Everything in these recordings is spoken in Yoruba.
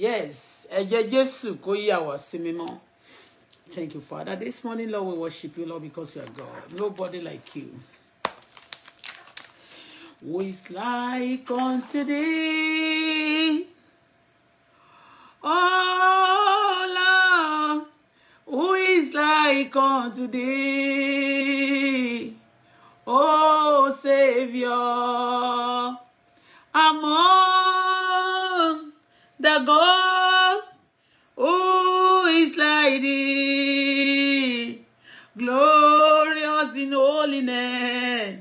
Yes, ẹ̀jẹ̀ Jésù kó yà wá sí Thank you, Father. This morning, Lord, we worship you, Lord, because you are God. Nobody like you. Who is like unto thee? Oh, Lord, who is like unto thee? Oh, Savior, among the ghost who is like glorious in holiness,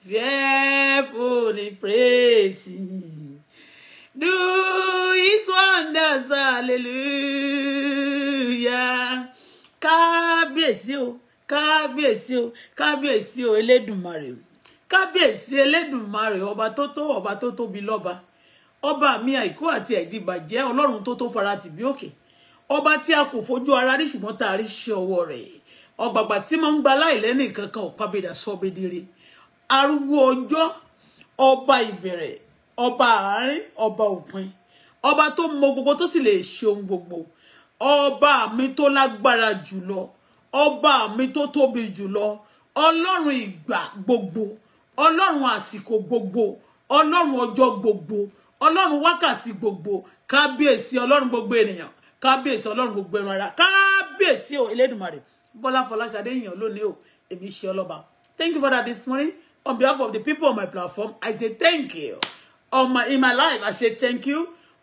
fearful in praising. Do his wonders, hallelujah. Kábíyèsí o, kábíyèsí o, kábíyèsí o, Elédùmarè o. Kábíyèsí Elédùmarè ọba tó tó ọba tó tóbi lọ́ba ọba mi àìkú àti àìdìbàjẹ́ ọlọ́run tó tó fara tì bí òkè ọba tí a kò fojú ara rí ṣùgbọ́n tá a rí ṣe ọwọ́ rẹ̀ ọgbàgbà tí mo ń gba láìlẹ́nì kankan ọ̀pábẹ̀dà sọ́bẹ̀dẹ̀rẹ̀ arúgbó ọjọ́ ọba ìbẹ̀rẹ̀ ọba àárín ọba òpin ọba tó mọ gbogbo tó sì lè ṣe ohun gbogbo ọba mi tó lágbára jùlọ ọba mi tó tóbi jùlọ ọlọ́run ìgbà gbogbo ọlọ́run àsìkò gbogbo ọlọ́run ọjọ́ gbogbo ọlọ́run wákàtí gbogbo kábíyèsí ọlọ́run gbogbo ènìyàn kábíyèsí ọlọ́run gbogbo ẹran ara kábíyèsí o elédùnmarè bọ́lá fọláṣadé èèyàn lónìí o èmi ṣe ọlọ́ba thank you for that this morning on behalf of the people on my platform i say thank you on my in my life i say thank you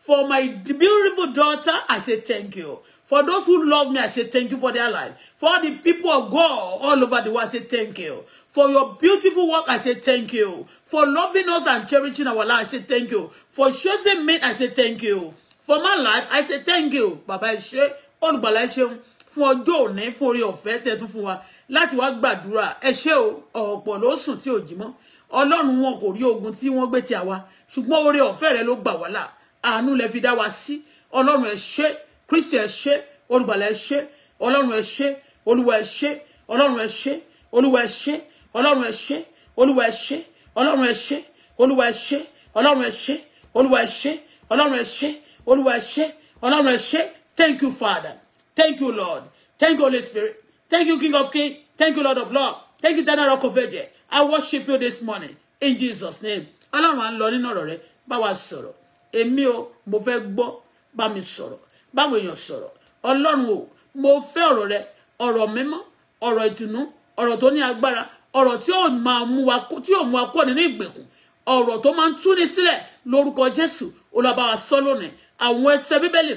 for my beautiful daughter i say thank you For those who love me, I say thank you for their life. For the people of God all over the world, I say thank you. For your beautiful work, I say thank you. For loving us and cherishing our life, I say thank you. For choosing me, I say thank you. For my life, I say thank you. Bàbá ẹ ṣé, olùgbàlà ẹ ṣé, fún ọjọ́ òní, fún orí for tẹ́ tún fún wa, láti wá gbàdúrà, ẹ ṣé o, ọ̀pọ̀ ló sùn tí ò jí mọ́. Ọlọ́run wọn kò rí ogun tí wọ́n gbé ti àwa, ṣùgbọ́n oore ọ̀fẹ́ rẹ ló gbà wá là, àánú lẹ fi dá wa sí, Ọlọ́run ẹ ṣé, kristi ẹ ṣé olùgbàlà ẹ ṣé ọlọ́run ẹ ṣé olúwa ẹ ṣé ọlọ́run ẹ ṣé olúwa ẹ ṣé ọlọ́run ẹ ṣé olúwa ẹ ṣé ọlọ́run ẹ ṣé olúwa ẹ ṣé ọlọ́run thank you father thank you lord thank you holy spirit thank you king of King thank you lord of Lord thank you daniel okoveje i worship you this morning in jesus name ọlọ́run à ń lọ nínú ọ̀rọ̀ rẹ bá wa sọ̀rọ̀ èmi o mo fẹ́ gbọ́ bá mi sọ̀rọ̀ báwọn èèyàn sọ̀rọ̀ ọlọ́run o mo fẹ́ ọ̀rọ̀ rẹ ọ̀rọ̀ mímọ́ ọ̀rọ̀ ìtùnú ọ̀rọ̀ tó ní agbára ọ̀rọ̀ tí ò máa mú wa tí ò mú wa kúrò nínú ìgbèkùn ọ̀rọ̀ tó máa ń túni sílẹ̀ lórúkọ jésù olùbáwa sọ lónìí àwọn ẹsẹ̀ bíbélì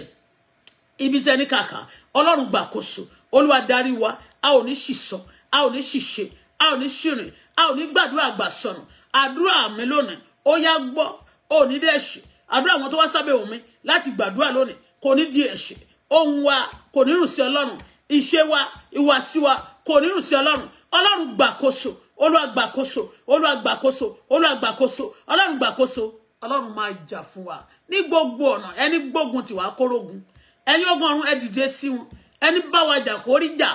ibi tẹ ní kàkà ọlọ́run gbàkóso olúwa darí wa a ò ní ṣìṣọ a ò ní ṣìṣe a ò ní ṣìrìn a ò ní gbàdúrà àgbàsọnù àdúrà mi lónìí ó yá gbọ́ ò ní dẹ́ṣẹ̀ àdúrà àwọn tó wá sábẹ́ òun láti gbàdúrà lónìí kò ní di ẹ̀ṣẹ̀ ohun wa kò ní rùn sí ọlọ́run ìṣe wa ìwàsí wa kò ní rùn sí ọlọ́run ọlọ́run gbàkóso olúwa gbàkóso olúwa gbàkóso olúwa ọlọ́run gbàkóso ọlọ́run máa jà fún wa ní gbogbo ọ̀nà ẹni gbógun tiwa kórógun ẹni ogun ọ̀run ẹ dìde sí wọn ẹni bá wa jà kó rí jà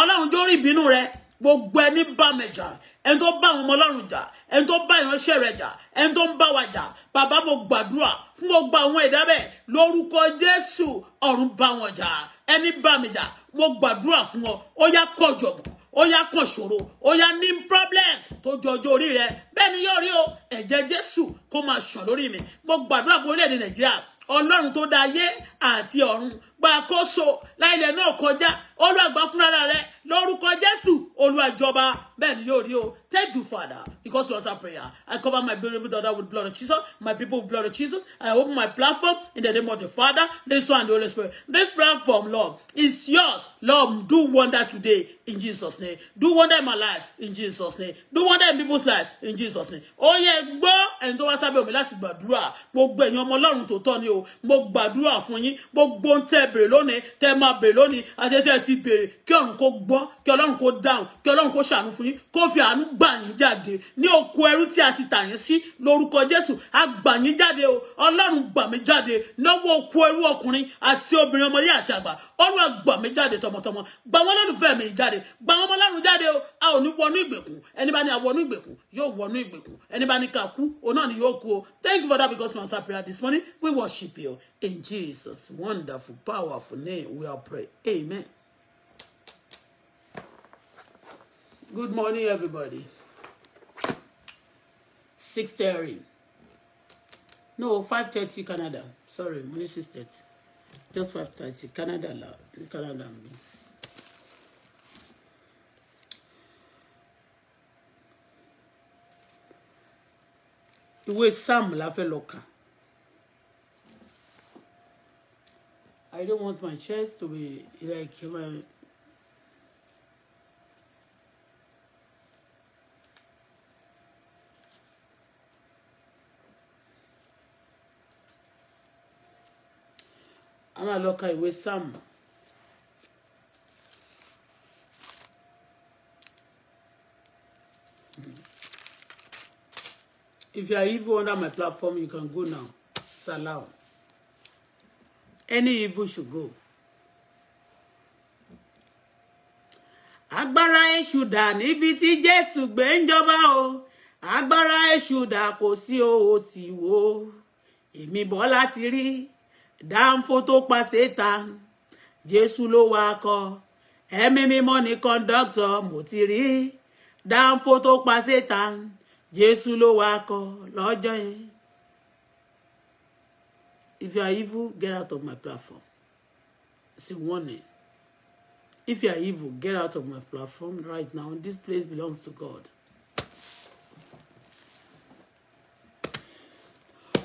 ọlọ́run jó rí ìbínú rẹ gbogbo ẹni bá mẹjà ẹni tó bá àwọn ọmọ Ọlọ́run jà ẹni tó bá ìránṣẹ́ rẹ̀ jà ẹni tó ń bá wa jà bàbá mo gbàdúrà fún gbogbo àwọn ẹ̀dá bẹ́ẹ̀ lórúkọ Jésù ọ̀run bá wọn jà ẹni bá mẹjà mo gbàdúrà fún ọ ó yá kọjọ̀bọ̀ ó yá kàn ṣòro ó yá ní problem tó jọjọ orí rẹ bẹ́ẹ̀ ni yóò rí o ẹ̀jẹ̀ Jésù kó máa ṣàn lórí mi mo gbàdúrà fún orílẹ̀-èdè Nàìjíríà Ọlọ́run tó dá ayé àti ọ̀run gbàkóso láìlẹ̀ náà kọjá olùwàgbà fúnra rẹ lórúkọ jésù olùwàjọba bẹ́ẹ̀ ni yóò rí o thank you father because you answer prayer i cover my beautiful daughter with blood of jesus my people with blood of jesus i open my platform in the name of the father the son and the holy spirit this platform lord is yours lord do wonder today in jesus name do wonder in my life in jesus name do wonder in people's life in jesus name ó yẹ gbọ́ ẹni tó wá sábẹ́ omi láti gbàdúrà gbogbo ẹ̀yin ọmọ ọlọ́run tó tọ́ ni o mo gbàdúrà fún yín gbogbo ń tẹ́ bèrè lónìí tẹ máa bèrè lónìí àti tẹ ti bèrè kí ọ̀run kó gbọ́ kí ọlọ́run kó dáhùn kí ọlọ́run kó ṣàánú fún yín kó fi àánú gbà yín jáde ní oko ẹrú tí a ti tà yín sí lórúkọ Jésù a gbà yín jáde o ọlọ́run gbà mí jáde lọ́wọ́ oko ẹrú ọkùnrin àti obìnrin ọmọdé àti àgbà ọlọ́run gbà mí jáde tọmọtọmọ gbà wọ́n lọ́lùfẹ́ mi jáde gbà wọ́n ọmọlọ́run jáde o a ò ní wọnú ìgbèkùn ẹni bá ní a ìgbèkùn yóò wọnú ìgbèkùn ẹni bá ní ká òun náà ni yóò kú o thank you for that because you answer prayer this morning we worship you in Jesus wonderful power powerful name we are praying. Amen. Good morning, everybody. 6.30. No, 5.30 Canada. Sorry, money 6.30. Just 5.30 Canada. Canada. Ìwé Sam la fẹ́ lọ I don't want my chest to be like my a máa with some. if you are even under my platform you can go now It's allowed any evil should go. Agbara èṣù dà níbi tí jésù gbé ń jọba o agbára èṣù dà kò sí owó tí wo èmi Bọ́lá ti rí dáńfó tó pa sétan jésù ló wá kọ ẹ̀mí mímọ́ ní kọ́ńdọ́tọ̀ mo ti rí dáńfó tó pa sétan jésù ló wá kọ lọ́jọ́ yẹn If you are evil, get out of my platform. It's a warning. If you are evil, get out of my platform right now. This place belongs to God.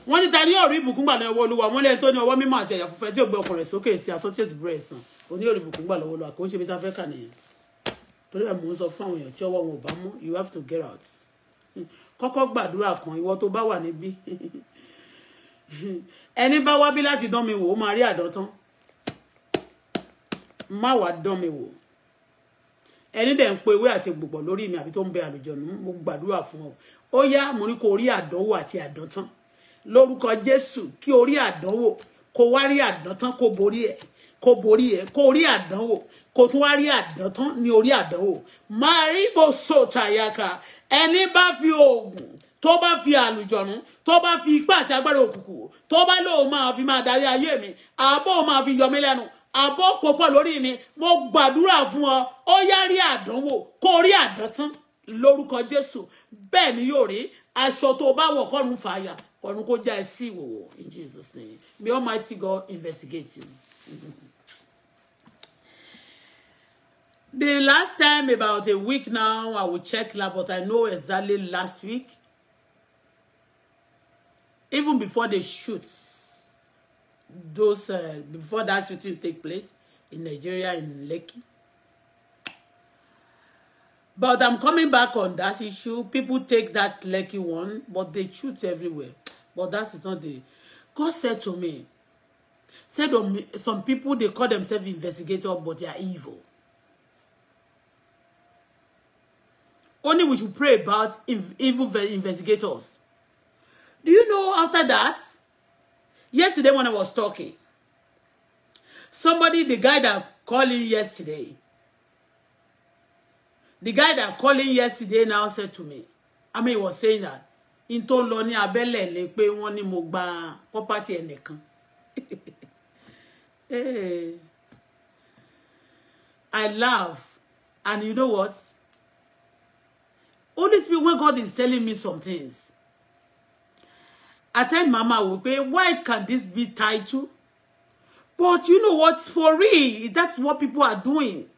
wọ́n ní ta ní ọ̀rí ìbùkún gbà lọ́wọ́ olúwa wọ́n lẹ́yìn tó ní ọwọ́ mímọ́ àti àyà fúnfẹ́ tí ò gbé ọkàn rẹ̀ sókè tí asọ́tí ètò bẹ̀rẹ̀ sàn òní ọ̀rí ìbùkún gbà lọ́wọ́ olúwa kò ń ṣe bí ta fẹ́ kà nìyẹn torí ẹ̀ mò ń sọ fún àwọn èèyàn tí ọwọ́ wọn ò bá mú you have to get out kọ́kọ́ gbàdúrà kan ìwọ tó bá wà níbí ẹni bá wá bí láti dán mi wò ó máa rí àdọ́tán má wàá dán mi wò ẹni dẹ̀ ń po ewé àti gbùgbọ̀ lórí mi àbí tó ń bẹ àlùjọ̀nù mo gbàdúrà fún ọ ó yá mo ní kó rí àdánwò àti àdọ́tán lórúkọ Jésù kí o àdánwò kó wá rí àdọ́tán kó borí ẹ̀ kó borí ẹ kó rí àdánwò kó tún wá rí àdántán ní orí àdánwò máa rí bó so tàyàkà ẹni bá fi oògùn tó bá fi àlùjọ̀nù tó bá fi ipá àti agbára òkùnkùn tó bá lóun máa fi máa darí ayé mi àbọ̀ máa fi yọ lẹ́nu àbọ̀ kò lórí mi mo gbàdúrà fún ọ ó yá rí àdánwò kó rí àdántán lórúkọ Jésù bẹ́ẹ̀ ni yóò rí aṣọ tó bá wọ̀ kọ́run fàyà kọ́run kó já ẹ sí ìwòwò in Jesus name may Almighty God investigate you. The last time about a week now I will check la but I know exactly last week even before they shoot those uh, before that shooting take place in Nigeria in Lekki. But I'm coming back on that issue. People take that Lekki one, but they shoot everywhere. But that is not the God said to me, said um, some people they call themselves investigators, but they are evil. Only we should pray about evil investigators. Do you know after that? Yesterday when I was talking, somebody, the guy that calling yesterday, the guy that calling yesterday now said to me, I mean, he was saying that, in tó lọ ní abẹ́lẹ̀ lé pé wọ́n ní mo gba property ẹnìkan. Eh. I laugh and you know what? Holy Spirit, when God is telling me some things, I tell mama will why can this be tied to? but you know what for real that's what people are doing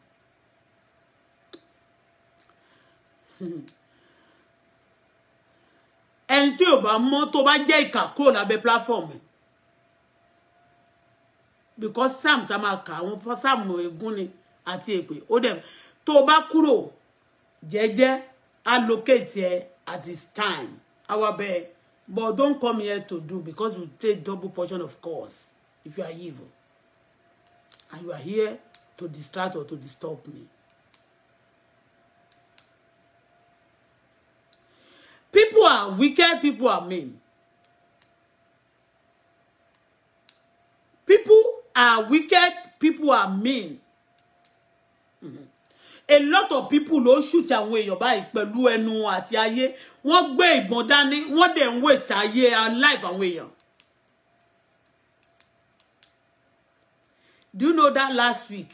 ẹni tí ò bá mọ̀ tó bá jẹ́ ìkà platform because sam tamaka, máa kà àwọn sam ègún ni àti èpè ó dẹ̀ tó bá kúrò jẹ́jẹ́ allocate at this time Our be. But don't come here to do because you take double portion of course if you are evil. And you are here to distract or to disturb me. People are wicked, people are mean. People are wicked, people are mean. Mm-hmm. A lot of people don't shoot àwọn èèyàn báyìí pẹ̀lú ẹnu àti ayé wọ́n gbé ìbọn dání wọ́n dẹ̀ ń wèsì ayé life àwọn èèyàn. do you know that last week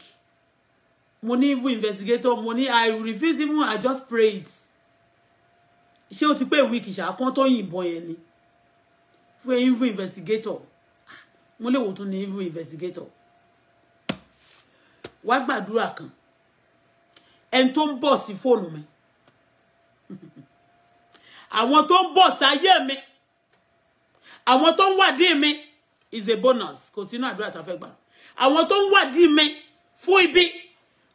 mo ní even investigator mo ní i refuse even i just prayed. it ṣé o ti pé week ìṣàkán tó yìnbọn yẹn ni fún even investigator mo lè wò tún ní even investigator wá gbàdúrà kan ẹni tó ń bọ̀ sí fóònù mi. àwọn tó ń bọ̀ sáyé mi àwọn tó ń wádìí mi is a bonus kò sínú àdúrà tá a fẹ́ gbà àwọn tó ń wádìí mi fún ibi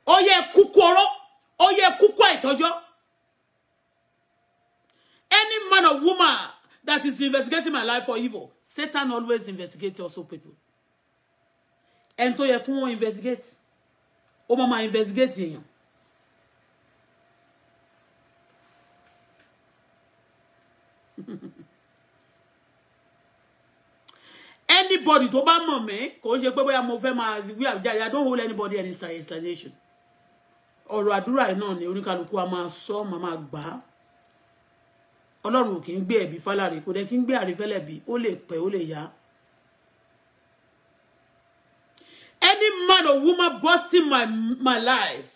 ó yẹ kúkú ọ̀rọ̀ ó yẹ kúkú àìtọ́jọ́ any man or woman that is investigating my life for evil Satan always investigates also people ẹni tó yẹ kí wọ́n investigate ó máa ma investigate èèyàn anybody to bá mọ̀ mí kò ṣe pé bóyá mo fẹ́ máa wí àwùjáde i don't hold anybody any explanation ọ̀rọ̀ àdúrà yìí náà ni oníkálukú a máa sọ ma máa gbà á ọlọ́run kì í gbé ẹ̀bí fálárì kò dẹ̀ kí ń gbé àrífẹ́lẹ̀ bí ó lè pẹ́ ó any man or woman busting my, my life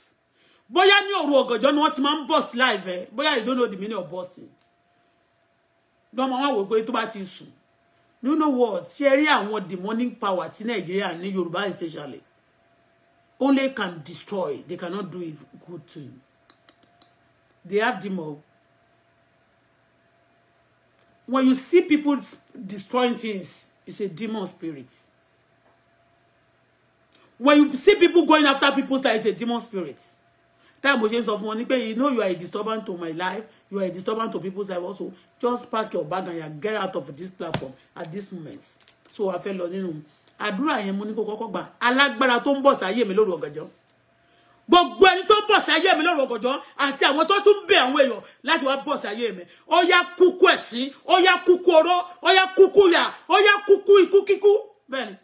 Boya, ní òru ọ̀gànjọ́ ni wọ́n ti máa bust life eh? Boya, you don't know the meaning of busting wọ́n máa wá wò pé tó bá ti sùn you know what ṣe rí àwọn demonic power ti Nàìjíríà ní Yorùbá especially only can destroy they cannot do good thing. they have demon when you see people destroying things it's a demon spirit when you see people going after people's life it's a demon spirit táà mo ṣe ń sọ fún ni pé you know you are a disturbance to my life you are a disturbance to people's life also just pack your bag and you get out of this platform at this moment so a fẹ́ lọ nínú àdúrà yẹn mo ní kó kọ́kọ́ gbà alágbára tó ń bọ̀ sáyé mi lóru ọ̀gànjọ́ gbogbo ẹni tó bọ̀ sáyé mi lóru ọ̀gànjọ́ àti àwọn tó tún bẹ̀ àwọn èèyàn láti wá bọ̀ sáyé mi ó yá kúkú ẹ̀sín ó yá kúkú oró ó yá kúkú yà ó yá kúkú ikú kíkú bẹ́ẹ̀ ni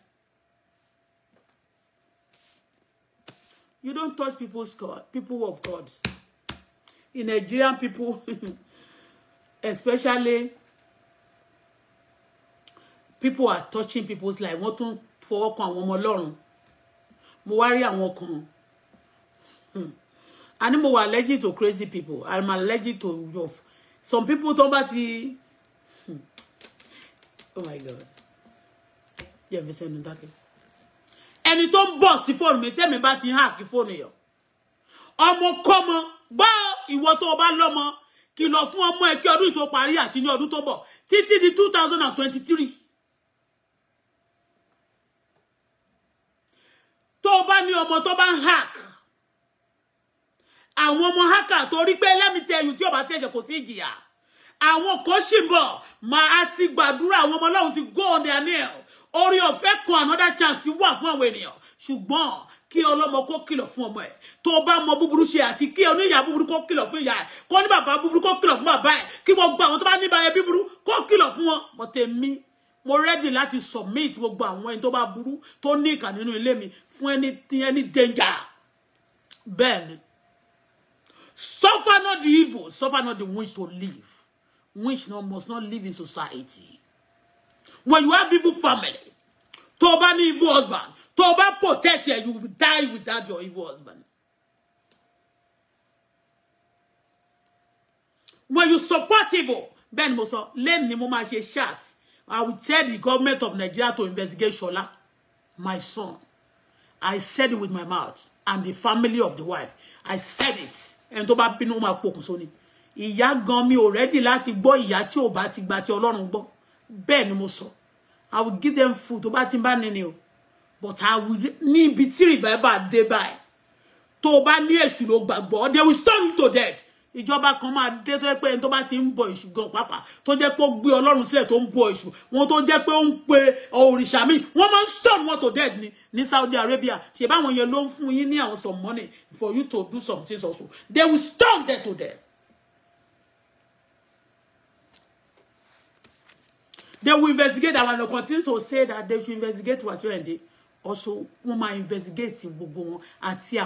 You don't touch people's God, people of God. In Nigerian people, especially, people are touching people's life. Want to fọwọ́ kan àwọn alone. Ọlọ́run. Mo wá rí àwọn kan. Hmm. Àní mo allergic to crazy people. I'm allergic to your some people tó bá ti. Hmm. Oh my God. Jẹ́ fi sẹ́nu dákẹ́ ẹni tó ń bọ̀ sí fóònù mi tẹ́mi bá ti hàn kí fóònù yọ ọmọ kọ́mọ gbọ́ ìwọ tó o bá lọ́mọ kìlọ̀ fún ọmọ ẹ kí ọdún tó parí àti ní ọdún tó bọ̀ títí di two thousand and twenty-three tó o bá ní ọmọ tó bá ń hack àwọn ọmọ hacker torí pé lẹ́mìtẹ́yù tí o bá ṣẹ̀ṣẹ̀ kò sí ìjìyà àwọn kan ṣì ń bọ̀ màá ti gbàdúrà àwọn ọmọ ọlọ́run ti go on their nail orí ọ̀fẹ́ kan another chance wà fún àwọn ènìyàn ṣùgbọ́n kí ọlọ́mọ kó kìlọ̀ fún ọmọ ẹ̀ tó bá mọ búburú ṣe àti kí oníyà búburú kó kìlọ̀ fún ìyá ẹ̀ kó ní bàbá búburú kó kìlọ̀ fún bàbá ẹ̀ kí gbogbo àwọn tó bá níbà ẹbí burú kó kìlọ̀ fún wọn mọ̀tẹ́ mi mo ready láti submit gbogbo àwọn ẹni tó bá burú tó ní ìkà nínú ilé mi fún ẹni ẹni danger bẹ́ẹ̀ ni suffer not the evil suffer not the wish to live which no, must not live in society. When you have evil family, toba bá evil husband, toba bá protect you, you will die without your evil husband. When you support evil, Ben Moso, lẹ́nu ni mo máa ṣe I will tell the government of Nigeria to investigate Shola, my son. I said it with my mouth and the family of the wife. I said it. and toba pinu ma máa pokùnso ìyá gan mi ò rẹ́dì láti gbọ́ ìyá tí ò bá ti gba ti ọlọ́run gbọ́ bẹ́ẹ̀ ni mo sọ i will give them food tó bá ti bá nínú o but i will ní ibi tí revival dé báyìí tó bá ní èṣù ló gbàgbọ́ they will stone you to death ìjọba kan máa dé tó jẹ́ pé ẹni tó bá ti ń bọ èṣù gan pàápàá tó jẹ́ pé ó gbé ọlọ́run sílẹ̀ tó ń bọ èṣù wọn tó jẹ́ pé ó ń pe òrìṣà míì wọ́n máa ń stone wọn to death ni ní Saudi Arabia ṣe báwọn yẹn ló ń fún yín ní àwọn some money for you to do something So they will stone them to death They will investigate and will continue to say that they should investigate what's Wasiu Ayinde. Also, we might investigate in wọn àti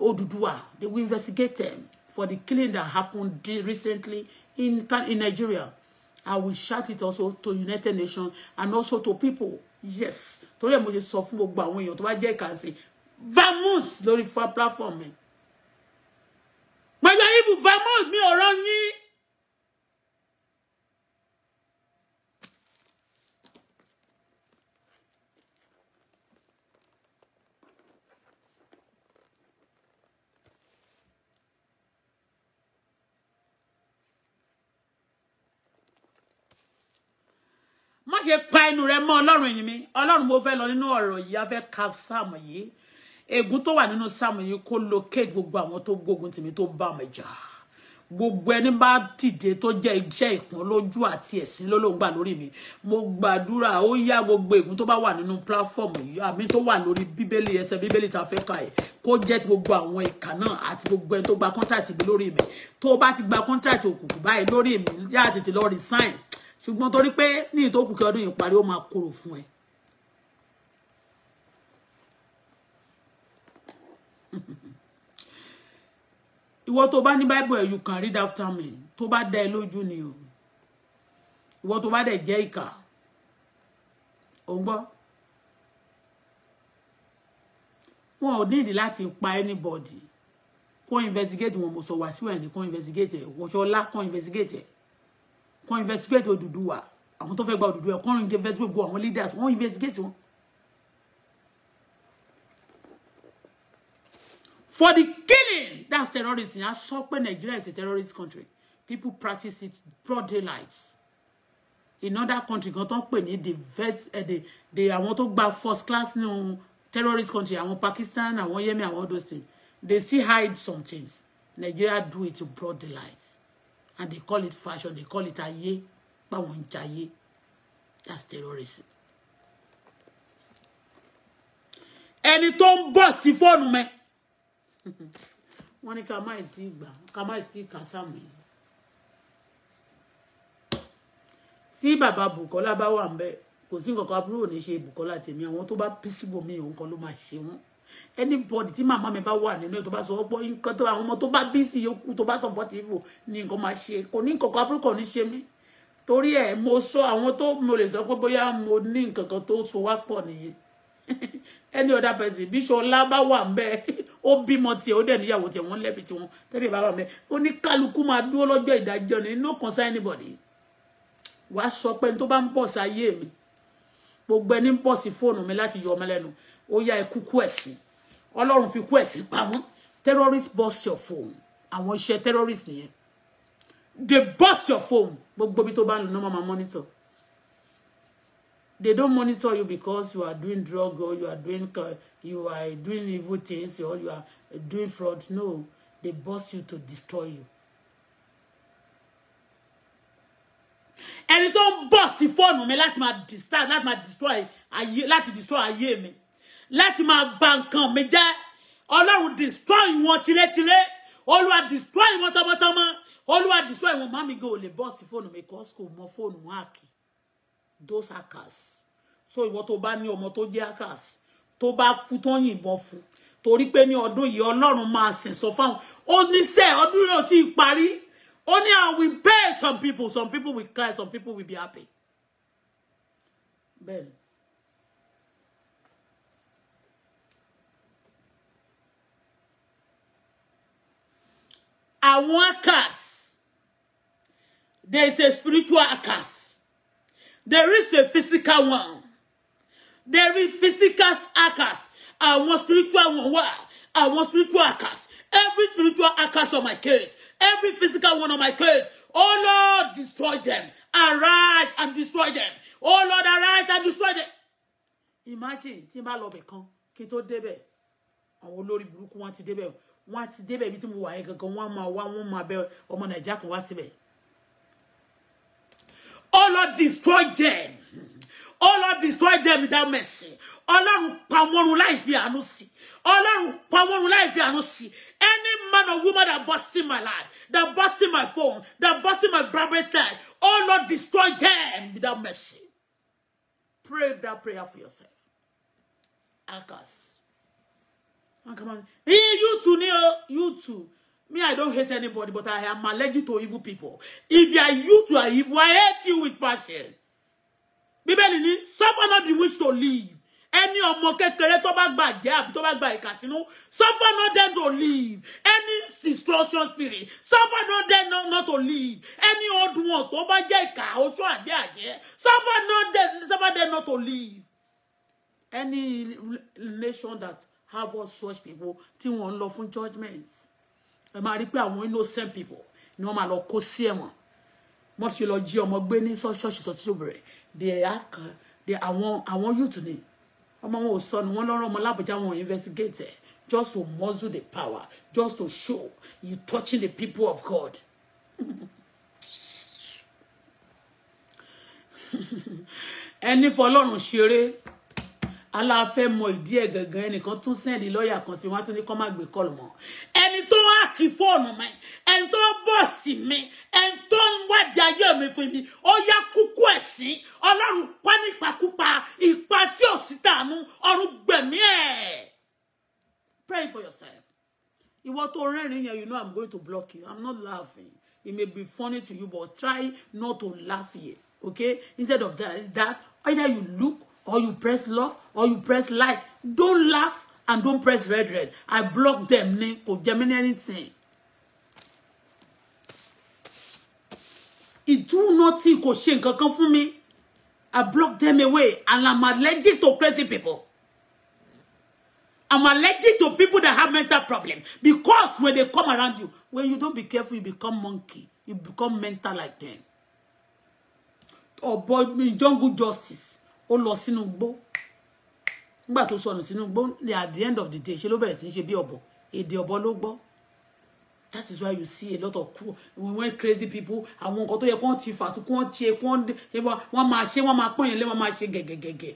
àwọn They will investigate them for the killing that happened recently in in Nigeria. I will shout it also to United Nations and also to people. Yes. to them. We ṣe suffer. fún gbogbo àwọn èèyàn tó bá jẹ́ ìkànsì. Vermont lórí platform mi. Pẹ̀lú ayébù Vermont mi ò rán yín. ṣe pa ẹnu rẹ mọ́ ọlọ́run ẹ̀yìn mi ọlọ́run mo fẹ́ lọ nínú ọ̀rọ̀ yìí a fẹ́ ka sáàmù yìí ègún tó wà nínú sáàmù yìí kó locate gbogbo àwọn tó gbógun tìmí tó bá mi jà gbogbo ẹni bá dìde tó jẹ́ iṣẹ́ ìpọn lójú àti ẹ̀sìn lólóńgbà lórí mi mo gbàdúrà ó yá gbogbo ègún tó bá wà nínú pílàfọọmù yìí àmì tó wà lórí bíbélì ẹsẹ̀ bíbélì tá a fẹ́ ka ẹ kó jẹ́ ti gbogbo àwọn ìka náà àti gbogbo ẹni tó gba kọńtàtì mi lórí mi tó bá ti gba kọńtàtì òkùnkùn báyìí lórí mi yá àtètè lọ resign ṣùgbọ́n torí pé ní ìtókù kí ọdún yìí parí ó máa korò fún ẹ. ìwọ tó bá ní bible you can read after me tó bá dá ẹ lójú ni o ìwọ tó bá dẹ̀ jẹ́ ìkà ò ń gbọ́ wọn ò nídìí láti pa anybody kó investigate wọn mo sọ wá sí ẹ̀ ní kó investigate ẹ̀ wọ́n ṣọlá kó investigate ẹ̀ kan investigate Odùduwà àwọn tó fẹ́ gba Odùduwà kan investigate gbogbo àwọn leaders wọ́n investigate wọn. for the killing that's terrorism a sọ pé Nigeria is a terrorist country people practice it broad daylight in other country kan tó ń pè ní the eh, the the àwọn tó gba first class no terrorist country àwọn Pakistan àwọn Yemen àwọn those things they still hide some things Nigeria do it in broad daylight and they call it fashion they call it ayé báwọn ń jayé that's terrorism. Any tó boss bọ̀ sí fóònù mẹ́ wọ́n ní ká má tí ì gbà ká má tí ì kà sáàmù yìí tí bàbá Bùkọ́lá bá wà ń bẹ̀ kò sí nǹkan kan àbúrò ní ṣe mi òun kan ló máa ṣe wọ́n anybody tí màmá mi bá wà nínú ẹ̀ tó bá sọ ọgbọ́n nǹkan tó àwọn ọmọ tó bá bí sí yòókù tó bá supportive ni nǹkan máa ṣe kò ní nǹkan kan abúrúkọ ní ṣe mí torí ẹ̀ mo sọ àwọn tó mo lè sọ pé bóyá mo ní nǹkan kan tó so wá pọ̀ nìyẹn any other person bí ṣọlá bá wà ń bẹ ó bímọ tiẹ̀ ó dẹ̀ níyàwó tiẹ̀ wọ́n lẹ́bi tiwọn tẹ́bí bá wà ń bẹ ó ní kálukú máa dúró lọ́jọ́ ìdájọ́ ni no concern anybody wàá sọ pé tó bá ń pọ̀ mi gbogbo ẹni ń pọ̀ sí mi láti yọ ọmọ lẹ́nu ó yá ikú kú ọlọ́run fi kú ẹ̀sìn pamọ́ terrorist burst your phone àwọn iṣẹ́ terrorist nìyẹn they burst your phone gbogbo bí tó bá ń lò náà monitor they don't monitor you because you are doing drug or you are doing you are doing evil things or you are doing fraud no they burst you to destroy you. ẹni tó ń bọ̀ sí fóònù mi láti máa destroy láti máa destroy ayé láti destroy ayé mi láti máa ba nǹkan mi jẹ́ ọlọ́run destroy wọn tirétiré olúwa destroy wọn tọmọtọmọ olúwa destroy wọn mami go lè bọ́ sí fóònù mi cause kò mọ fóònù wọn àkì those hackers so ìwọ tó bá ní ọmọ tó jẹ́ hackers tó bá kú tó yìnbọn fún torí pé ní ọdún yìí ọlọ́run máa sìn sọ fáwọn ó ní sẹ́ ọdún yóò ti parí ó ní i will pay some people some people will cry some people will be happy. bẹ́ẹ̀ni àwọn akas there is a spiritual akas there is a physical one there is physical akas àwọn spiritual one wà àwọn spiritual akas every spiritual akas on my case every physical one on my case oh Lord destroy them arise and destroy them oh Lord arise and destroy them imagine tí n come. Kito Debe. Oh Lord, n tó débẹ̀ àwọn olórí wọn á ti débẹ̀ ibi tí mo wà yẹn gangan wọn máa wá wọn máa bẹ ọmọ nàìjíríà kan wá síbẹ̀. Oh Lord destroy them oh Lord destroy them without mercy ọlọ́run pa wọ́n run láì fi àánú sí ọlọ́run pa wọ́n run láì fi àánú sí any man or woman that burst in my life that burst in my phone that burst in my brother's life oh Lord destroy them without mercy pray that prayer for yourself akas and ah, come on you too Neo you too me I don't hate anybody but I am allergic to evil people if you are you too are evil I hate you with passion Bíbélì suffer not the wish to leave any ọmọ kékeré tó bá gba jẹ́ àbí tó bá gba suffer not them to leave any destruction spirit suffer not them not, not to leave any old one. tó bá jẹ́ ìkà suffer not them suffer them not to leave any nation that have all such people tí wọ́n ń lọ fún judgement ẹ máa rí pé àwọn innocent people ni wọ́n máa lọ kó sí ẹ̀wọ̀n wọ́n ti lọ jí ọmọ gbé ní ṣọ́ọ̀ṣì sọ́tìlúbẹ̀rẹ̀ di ẹ̀yà kan di àwọn àwọn youth ni ọmọ wọn ò sọ ni wọ́n lọ́rọ̀ ọmọ lábújá wọn investigate just to muzzle the power just to show you touching the people of God. ẹni fọlọ́run ṣeré aláfẹ́ mọ ìdí ẹ̀ gangan ẹnìkan tún sẹ́ndì lọ́ọ̀yà kan sí wọn tún ní kọ́ má gbé kọlù mọ́ ẹni tó wá kí fóònù mi ẹni tó bọ̀ sí mi ẹni tó ń wádìí ayé mi fún mi ó yá kúkú ẹ̀ ọlọ́run pa nípakúpa ìpa tí ò sí tàánú ọ̀run gbẹ̀mí ẹ̀ pray for yourself ìwọ tó rẹ́rìn yẹn you know i'm going to block you i'm not laughing it may be funny to you but try not to laugh here okay instead of that, that either you look or you press love or you press like don't laugh and don't press red red i block them name kò jẹ mí ní anything ìdúná tí kò ṣe nǹkan kan fún me, i block them away and i'm allergic to crazy people i'm allergic to people that have mental problems because when they come around you when you don't be careful you become monkey you become mental like them Oh boy, jungle justice ó lọ sínú igbó nígbà tó sọnù sínú igbó ní at the end of the day ṣe ló bẹ̀rẹ̀ sí í ṣe bí ọ̀bọ èdè ọ̀bọ ló that is why you see a lot of cool when crazy people àwọn nǹkan tó yẹ kó ti fà tó kó ṣe kó wọn máa ṣe wọn máa pọ́n yẹn lé wọn máa ṣe gẹ̀gẹ̀gẹ̀gẹ̀.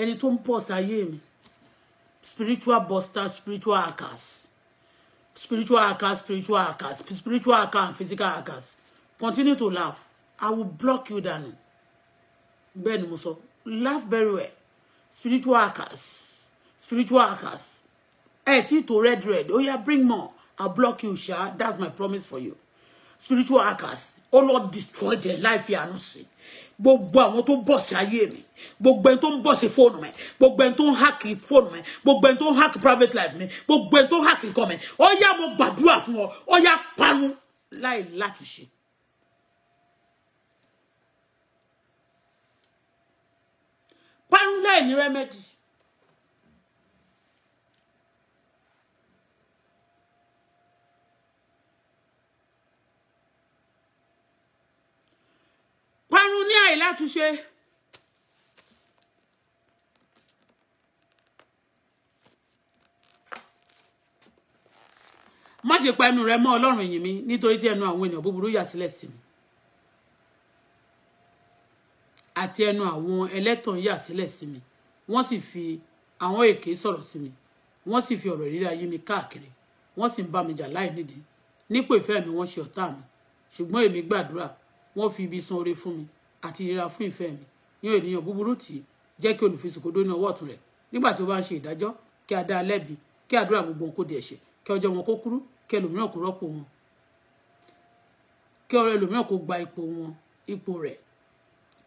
ẹni tó ń pọ̀ sáyé mi spiritual buster spiritual hackers spiritual hackers spiritual hackers spiritual hackers and physical hackers continue to laugh i will block you dànù Ben Muso, laugh very well spiritual workers, spiritual workers. ẹ tí tó red red Oh, yá bring more i block you ṣá that's my promise for you spiritual workers. Oh Lord, destroy their life yanu sí gbogbo àwọn tó bọ̀ sí ayé mi gbogbo ẹni tó ń bọ̀ sí fóònù mi gbogbo ẹni tó ń hack fóònù mi gbogbo ẹni tó ń hack private life mi gbogbo ẹni tó ń hack nǹkan mi ó oh yá mo gbàdúrà fún ọ ó oh yá parun láì láti ṣe parun láì ní rẹ́mẹ́dì. parun ní àìlátúnṣe. má ṣe pa ẹnu rẹ mọ́ ọlọ́run ẹ̀yìn mi nítorí tí ẹnu àwọn ènìyàn búburú yà sílẹ̀ sí mi àti ẹnu àwọn ẹlẹ́tàn yà sílẹ̀ sí mi wọ́n sì fi àwọn èké sọ̀rọ̀ sí mi wọ́n sì fi ọ̀rọ̀ ìrírí ayé mi káàkiri wọ́n sì ń bá mi jà láì nídìí nípò ìfẹ́ mi wọ́n ṣe ọ̀tá mi ṣùgbọ́n èmi gbàdúrà wọ́n fi ibi san oore fún mi àti ìrora fún ìfẹ́ mi yan ènìyàn búburú tì í jẹ́ kí olùfisùnkódó ní ọwọ́ ọ̀tún rẹ̀ nígbà tí ó bá ń ṣe ìdájọ́ kí a dá a lẹ́bi kí àdúrà gbogbo wọn kó di ẹ̀ṣẹ̀ kí ọjọ́ wọn kó kúrú kí ẹlòmíràn kó rọ́pò wọn kí ọ̀rọ̀ ẹlòmíràn kó gba ipò wọn ipò rẹ̀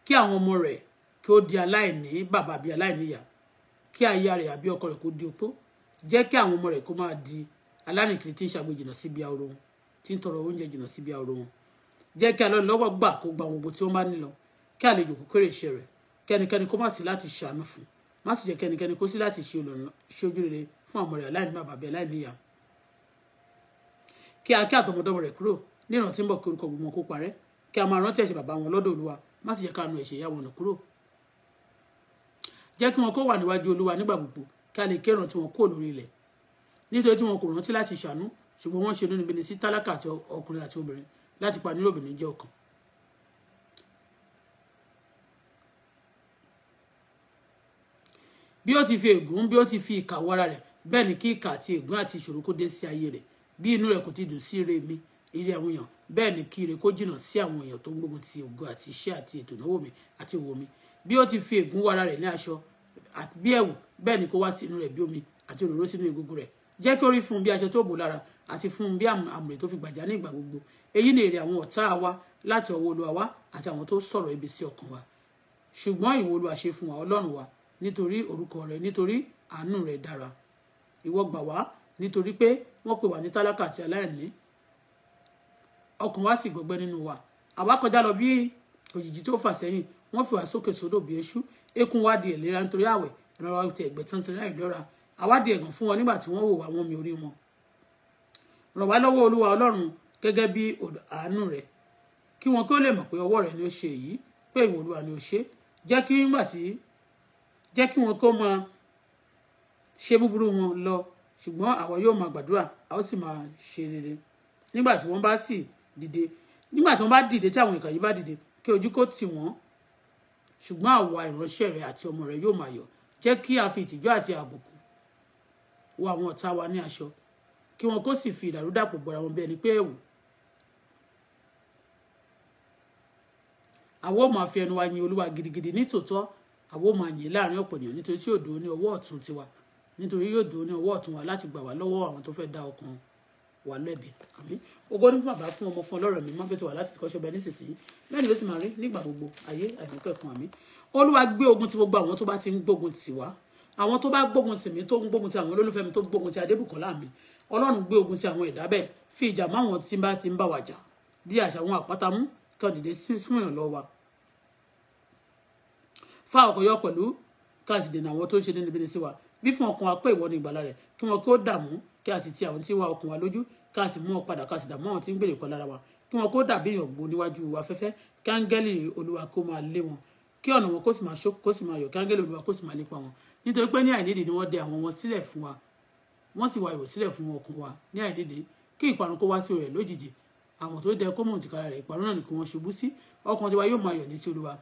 kí àwọn ọmọ rẹ̀ kí ó di aláìní bàbá àbí aláìníyà kí aya rẹ̀ àbí ọkọ rẹ̀ kó di opó jẹ́ kí àwọn ọmọ rẹ̀ kó máa di alárìnkiri tí ń ṣàgbé jìnnà síbi ahoro wọn tí ń tọrọ oúnjẹ jìnnà síbi ahoro wọn jẹ́ kí alọ́ lọ́wọ́ gbà kó gba ohun gbogbo tí wọ́n bá nílò kí àlejò kó kéré iṣẹ́ rẹ̀ kẹ́nikẹ́ni kó má sí láti ṣàánú fún má sì jẹ́ kẹ́nikẹ́ni kó sí láti ṣe ojú rere fún àwọn ọmọ rẹ̀ aláìní bàbá àbí aláìníyà kí a kí àtọmọdọmọ rẹ̀ kúrò ní ìrántí ń bọ̀ kí orúkọ gbogbo wọn kó parẹ́ kí a máa rántí ẹ̀ṣẹ̀ bàbá wọn lọ́dọ̀ Olúwa má sì yẹ ká nu ẹ̀ṣẹ̀ ìyá wọn kúrò jẹ́ kí wọn kó wà níwájú olúwa nígbà gbogbo kí a lè kéràn tí wọn kó lórí ilẹ̀ nítorí tí wọn kò rántí láti ṣàánú ṣùgbọ́n wọ́n ṣe inúnibíni sí tálákà àti ọkùnrin àti obìnrin láti pa nílò obìnrin jẹ́ ọ̀kan. bí ó ti fi ègún bí ó ti fi ìkà wara rẹ̀ bẹ́ẹ̀ ni kí ìkà àti ègún àti ìṣòro kó dé sí ayé rẹ̀ bí inú rẹ̀ kò ti dùn sí ire mi ire àwọn èèyàn bẹ́ẹ̀ ni kí ire kó jìnnà sí àwọn èèyàn tó ń gbógun ti ògo àti iṣẹ́ àti ètò ìnáwó mi àti òwò mi bí ó ti fi ègún wàrà rẹ̀ ní aṣọ bí ẹ̀wù bẹ́ẹ̀ ni kó wá sínú rẹ̀ bí omi àti òróró sínú egungun rẹ̀ jẹ́ kí ó rí fún bí aṣọ tó bò lára àti fún bí àmùrè tó fi gbàjá ní ìgbà gbogbo èyí ni èrè àwọn ọ̀tá wa láti ọwọ́ Olúwa wa àti àwọn tó sọ̀rọ̀ ibi sí ọkàn wa ṣùgbọ́n ìwọ Olúwa ṣe fún wa Ọlọ́run wa nítorí orúkọ rẹ nítorí àánú rẹ dára ìwọ gbà wá nítorí pé wọ́n pè wá ní tálákà àti aláìní ọkàn wa sì gbọgbẹ́ nínú wa àwa kọjá lọ bí òjìji tó fà sẹ́yìn wọ́n fi wá sókè sódò bí eṣú eékún wa di ìlera nítorí àwẹ̀ ìrora ti ẹ̀gbẹ́ tán ti ráì lọ́ra àwa di ẹ̀gàn fún wọn nígbà tí wọ́n wò wá wọn mi orí wọn ràn wá lọ́wọ́ olúwa ọlọ́run gẹ́gẹ́ bí àánú rẹ̀ kí wọn kí ó lè mọ̀ pé ọwọ́ rẹ̀ ni ó ṣe èyí pé ìwọ olúwa ni ó ṣe jẹ́ kí nígbà tí jẹ́ kí wọn kó máa ṣe búburú wọn lọ ṣùgbọ́n àwa yóò máa gbàdúrà a ó sì máa ṣe rere nígbà tí wọ́n bá sì dìde nígbà tí wọ́n bá dìde tí àwọn ìkà yìí bá dìde kí ojú kó tì wọ́n ṣùgbọ́n àwa ìránṣẹ́ rẹ àti ọmọ rẹ yóò máa yọ̀ jẹ́ kí a fi ìtìjú àti àbùkù wọ àwọn ọ̀tá wa ní aṣọ kí wọn kó sì fi ìdàrúdàpọ̀ bọra wọn bí ẹni pé ẹ̀wù àwa ó máa ẹnu wa yin olúwa gidigidi nítòótọ́ àwa ó máa yìn láàrin ọ̀pọ̀ ènìyàn nítorí tí yóò dúró ní ọwọ́ ọ̀tún tiwa nítorí yóò dúró ní ọwọ́ ọ̀tún wa láti gbà wá lọ́wọ́ àwọn tó fẹ́ dá ọkàn wà lẹ́bi àmì ògo ní bàbá fún ọmọ fún ọlọ́rọ̀ mi máa bẹ́tẹ̀ wà láti kọ́ṣọ́ bẹ nísinsìnyí bẹ́ẹ̀ ni ó sì máa rí nígbà gbogbo ayé àìmọ́kẹ́kùn àmì olúwa gbé ogun ti gbogbo àwọn tó bá ti ń gbógun tì wá àwọn tó bá gbógun tì mí tó ń gbógun ti àwọn olólùfẹ́ mi tó gbógun ti adébùkọ́lá mi ọlọ́run gbé ogun ti àwọn ẹ̀dá bẹ́ẹ̀ fi ìjà máwọn tí bá ti ń bá wa jà bí àṣà àwọn àpáta mú kí wọ́n dìde fún wa fa ọkọ̀yọ pẹ̀lú káàsì dènà àwọn tó ń ṣe nínú ibi sí wa bí fún ọkàn wa pé ìwọ ni ìgbàlà rẹ̀ kí wọn kí ó dààmú kí a sì ti àwọn tí wa ọkàn wa lójú ká sì mú ọ padà ká sì dààmú àwọn tí ń gbèrè kan lára wa kí wọn kó dàbí èèyàn gbó níwájú afẹ́fẹ́ kí áńgẹ́lì olúwa kó máa lé wọn kí ọ̀nà wọn kó sì máa ṣó kó sì máa yọ kí áńgẹ́lì olúwa kó sì máa lépa wọn nítorí pé ní àìnídìí ni wọ́n dẹ àwọn wọn sílẹ̀ fún wa wọ́n sì wá ìwò sílẹ̀ fún ọkàn wa ní àìnídìí kí ìparun kó wá sí rẹ̀ lójijì àwọn tó dẹ kó mọ̀ tìkára rẹ̀ ìparun náà ni kí wọ́n ṣubú sí ọkàn tiwa yóò máa yọ̀ ní ti olúwa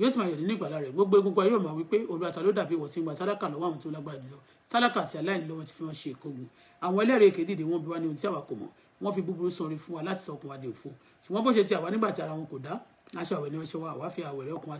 yóò sì máa yọ̀ nínú ìgbàlá rẹ̀ gbogbo egungun ayé yóò máa wí pé olú ata ló dàbí ìwọ̀n tí ń gba tálákà lọ́wọ́ àwọn tó lágbára jùlọ tálákà àti aláìní lọ́wọ́ ti fi wọ́n ṣe ìkógun àwọn ẹlẹ́rìí èké dìde wọn bí wá ní ohun tí àwa kò mọ̀ wọ́n fi búburú sọrin fún wa láti sọkùn wa dé òfo ṣùgbọ́n bó ṣe ti àwa nígbà tí ara wọn kò dá aṣọ àwẹ̀ ni wọ́n ṣe wa àwa fi àwẹ̀rẹ̀ ọkùn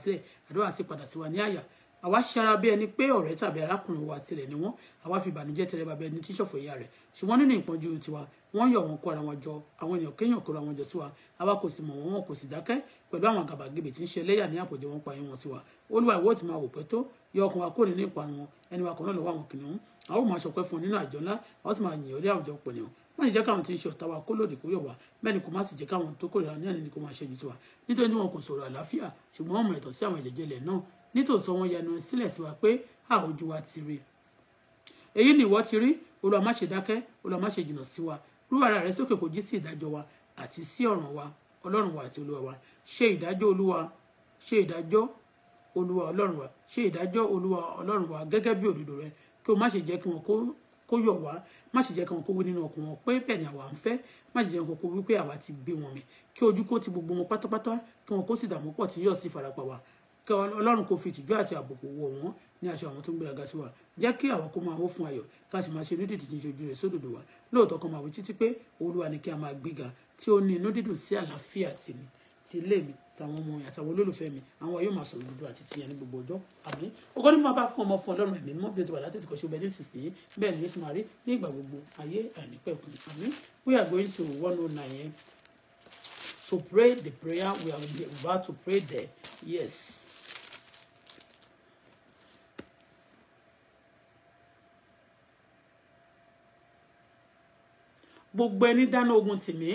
ni wọ́n àwa wọ́n yọ̀ wọ́n kóra wọn jọ àwọn èèyàn kéèyàn kóra wọn jọ sí wa àwa kò sì mọ̀ wọ́n wọn kò sì dákẹ́ pẹ̀lú àwọn àgàbàgebè tí ń ṣe ẹlẹ́yà ní àpòjọ wọn pa yín wọn sí wa olúwa ìwọ tí máa wò pé tó yọ ọkàn wa kúrò nínú ìparun wọn ẹni wa kan náà lọ́wọ́ àwọn kìnìún àwọn ò máa ṣọpẹ́ fún nínú àjọ ńlá àwọn sì máa yìn ọ́ lé àwùjọ pènìyàn má ṣe jẹ́ káwọn tí ń ṣe ọ̀tá wa kó lòdì kó yọ̀ wá bẹ́ẹ̀ ni kò má sì jẹ́ káwọn tó kórìíra ní ẹni ni kò máa ṣe jù sí wa nítorí tí wọn kò sọ̀rọ̀ àlàáfíà ṣùgbọ́n wọn mọ̀ ẹ̀tọ́ sí àwọn ẹ̀jẹ̀jẹ̀ ilẹ̀ náà nítòótọ́ wọn yanu sílẹ̀ sí wa pé àwòjú wa ti rí èyí ni ìwọ ti rí olùwà má ṣe jìnnà sí wa rú ara rẹ sókè kò jí sí ìdájọ́ wa àti sí ọ̀ràn wa ọlọ́run wa àti olúwa wa ṣe ìdájọ́ olúwa ṣe ìdájọ́ olúwa ọlọ́run wa ṣe ìdájọ́ olúwa ọlọ́run wa gẹ́gẹ́ bí òdodo rẹ kí o má ṣe jẹ́ kí wọn kó yọ̀ wá má ṣe jẹ́ kí wọn kó wí nínú ọkàn wọn pé bẹ́ẹ̀ ni àwa ń fẹ́ má ṣe jẹ́ kí wọn kó wí pé àwa ti gbé wọn mì kí ojú kó ti gbogbo wọn pátápátá kí wọn kó sì dààmú pọ̀ tí yọ̀ sí ìfarapa wa kí ọlọ́run kò fi ìtìjú àti àbùkù wọ̀ wọ́n ní aṣọ àwọn tó ń gbéraga sí wa jẹ́ kí àwọn kó máa hó fún ayọ̀ ká sì máa ṣe inú dídì tí rẹ̀ sódòdò wa lóòótọ́ kan máa wí títí pé olúwa ni kí a máa gbéga tí ó ní inú dídùn sí àlàáfíà tèmi ti ilé mi tàwọn ọmọ mi àtàwọn olólùfẹ́ mi àwọn yóò máa sọ̀rọ̀ dúdú àti tìyẹn ní gbogbo ọjọ́ àmín ògo ni mo bá fún ọmọ fún ọlọ́run ẹ̀mí mọ́ bí o ti wà láti tìkọ̀ ṣe obìnrin sísè é bẹ́ẹ̀ ni yéṣu máa rí ní ìgbà gbogbo ayé àìnípẹ̀kun àmín we are going to one oh nine to pray the prayer we are about to pray there yes. gbogbo ẹni dáná ogun tìmí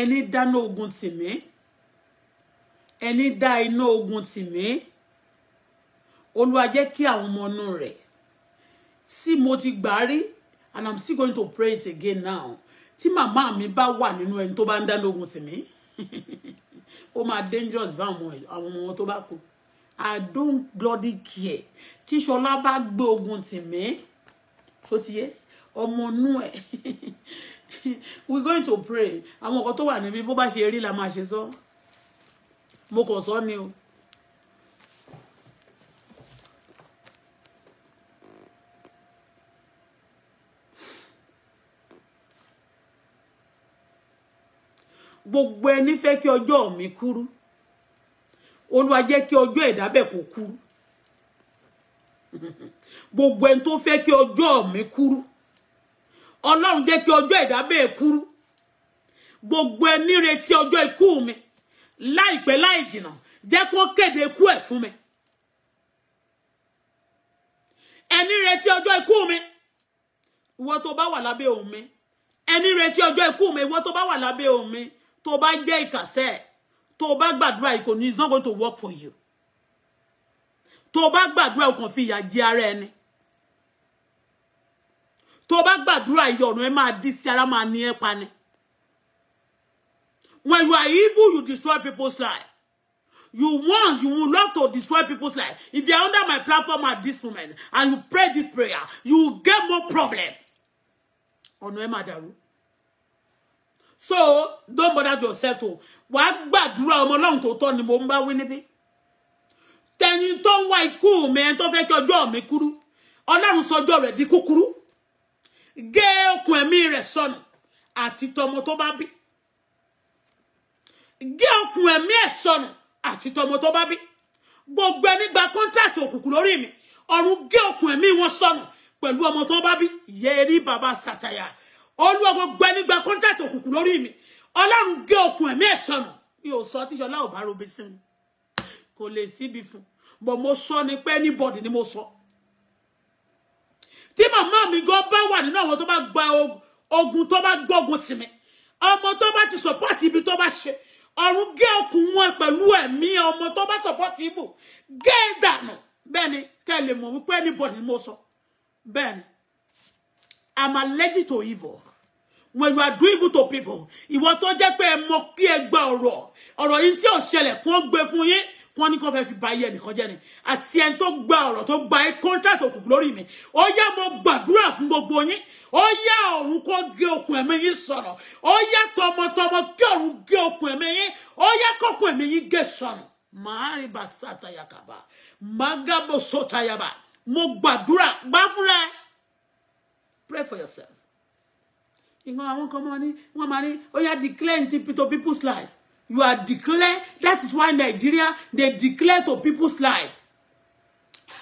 ẹni dáná ogun tìmí ẹni dá iná ogun tìmí olúwa kí àwọn ọmọ inú rẹ̀ tí mo ti gbà rí and i'm still going to pray it again now tí màmá mi bá wà nínú ẹni tó bá ń dáná ogun tìmí ó máa dangerous fáwọn àwọn ọmọ tó bá kú i don't bloody care tí ṣọlá bá gbé ogun tìmí ṣó So ọmọ nú ẹ̀ we going to pray àwọn nǹkan tó wà níbi bó bá ṣe rí la máa ṣe sọ mo kàn sọ ni o. gbogbo ẹni fẹ́ kí ọjọ́ mi kúrú olúwa jẹ́ kí ọjọ́ ìdábẹ̀ kò kúrú gbogbo ẹni tó fẹ́ kí ọjọ́ mi kúrú ọlọ́run jẹ́ kí ọjọ́ ìdábẹ́ ẹ̀kúrú gbogbo ẹni retí ọjọ́ ikú mi láìpẹ́ láì jìnnà jẹ́ kí wọ́n kéde ikú ẹ̀ fún mi ẹni retí ọjọ́ ikú mi ìwọ tó bá wà lábẹ́ òun mi ẹni retí ọjọ́ ikú mi ìwọ tó bá wà lábẹ́ òun mi tó bá jẹ́ ìkàsẹ́ tó bá gbàdúrà ìkò ní it's not going to work for you tó bá gbàdúrà o kàn fi ìyà jẹ ara ẹni To bá gbàdúrà ìyọnu ẹ máa dí sí ara máa ní ẹ pa ni when you are evil you destroy people's life you want you will love to destroy people's life if you are under my platform at this moment and you pray this prayer you will get more problem ọ̀nà ẹ máa dàrú so don't bother yourself o wàá gbàdúrà ọmọ ọlọ́run tó tọ́ ni mo ń bá wí níbí tẹni tó ń wá ikú mi ẹni tó fẹ́ kí ọjọ́ mi kúrú ọlọ́run sọjọ́ rẹ̀ di kúkúrú gé okùn ẹ̀mí rẹ̀ sọnù àti tọmọ tó bá bí gé okùn ẹ̀mí ẹ̀ sọnù àti tọmọ tó bá bí gbogbo ẹni gba kọ́ńtàtì òkùnkùn lórí mi ọ̀run gé okùn ẹ̀mí wọn sọnù pẹ̀lú ọmọ tó bá bí yẹrí bàbá sàtàyà olúwa gbogbo ẹni gba kọ́ńtàtì òkùnkùn lórí mi ọlọ́run gé okùn ẹ̀mí ẹ̀ sọnù mi ò sọ tíṣọlá ò bá robi sí mi kò lè síbi fún bọ̀ mo sọ ni pé anybody ni mo sọ. So tí màmá mi gan bá wà nínú àwọn tó bá gba ogun tó bá gbógun tì mí ọmọ to bá ti support ibi tó bá ṣe ọ̀run gé okùn wọn pẹ̀lú ẹ̀mí ọmọ to bá support ibù gé e dànù bẹ́ẹ̀ ni kẹ́ lè mọ̀ wípé anybody ni mo sọ bẹ́ẹ̀ ni I'm allergic to evil when you are doing evil to people ìwọ tó jẹ́ pé ẹ mọ̀ kí ẹ gba ọ̀rọ̀ Oro yìí tí ò ṣẹlẹ̀ kó gbé fún yín kán ní kó fẹ́ fi ba iye nìkan jẹ́ ni àti ẹni tó gba ọ̀rọ̀ tó gba contract òkùnkùn lórí mi ó yá mo gbàdúrà fún gbogbo yín ó yá òun kó gé okùn ẹ̀mí yín sọ̀rọ̀ ó yá tọmọtọmọ kí òun gé okùn ẹ̀mí yín ó yá kókùn ẹ̀mí yín gé sọ̀rọ̀ màárì bá sàtàyàkàbà màgàbọ̀ sọ̀tàyàbà mo gbàdúrà gbá fúnra ẹ pray for yourself ìgbọ́n àwọn kan mọ́ ni wọ́n máa ní ó yá declare into people's life You are declare. That is why Nigeria, they declare to people's life.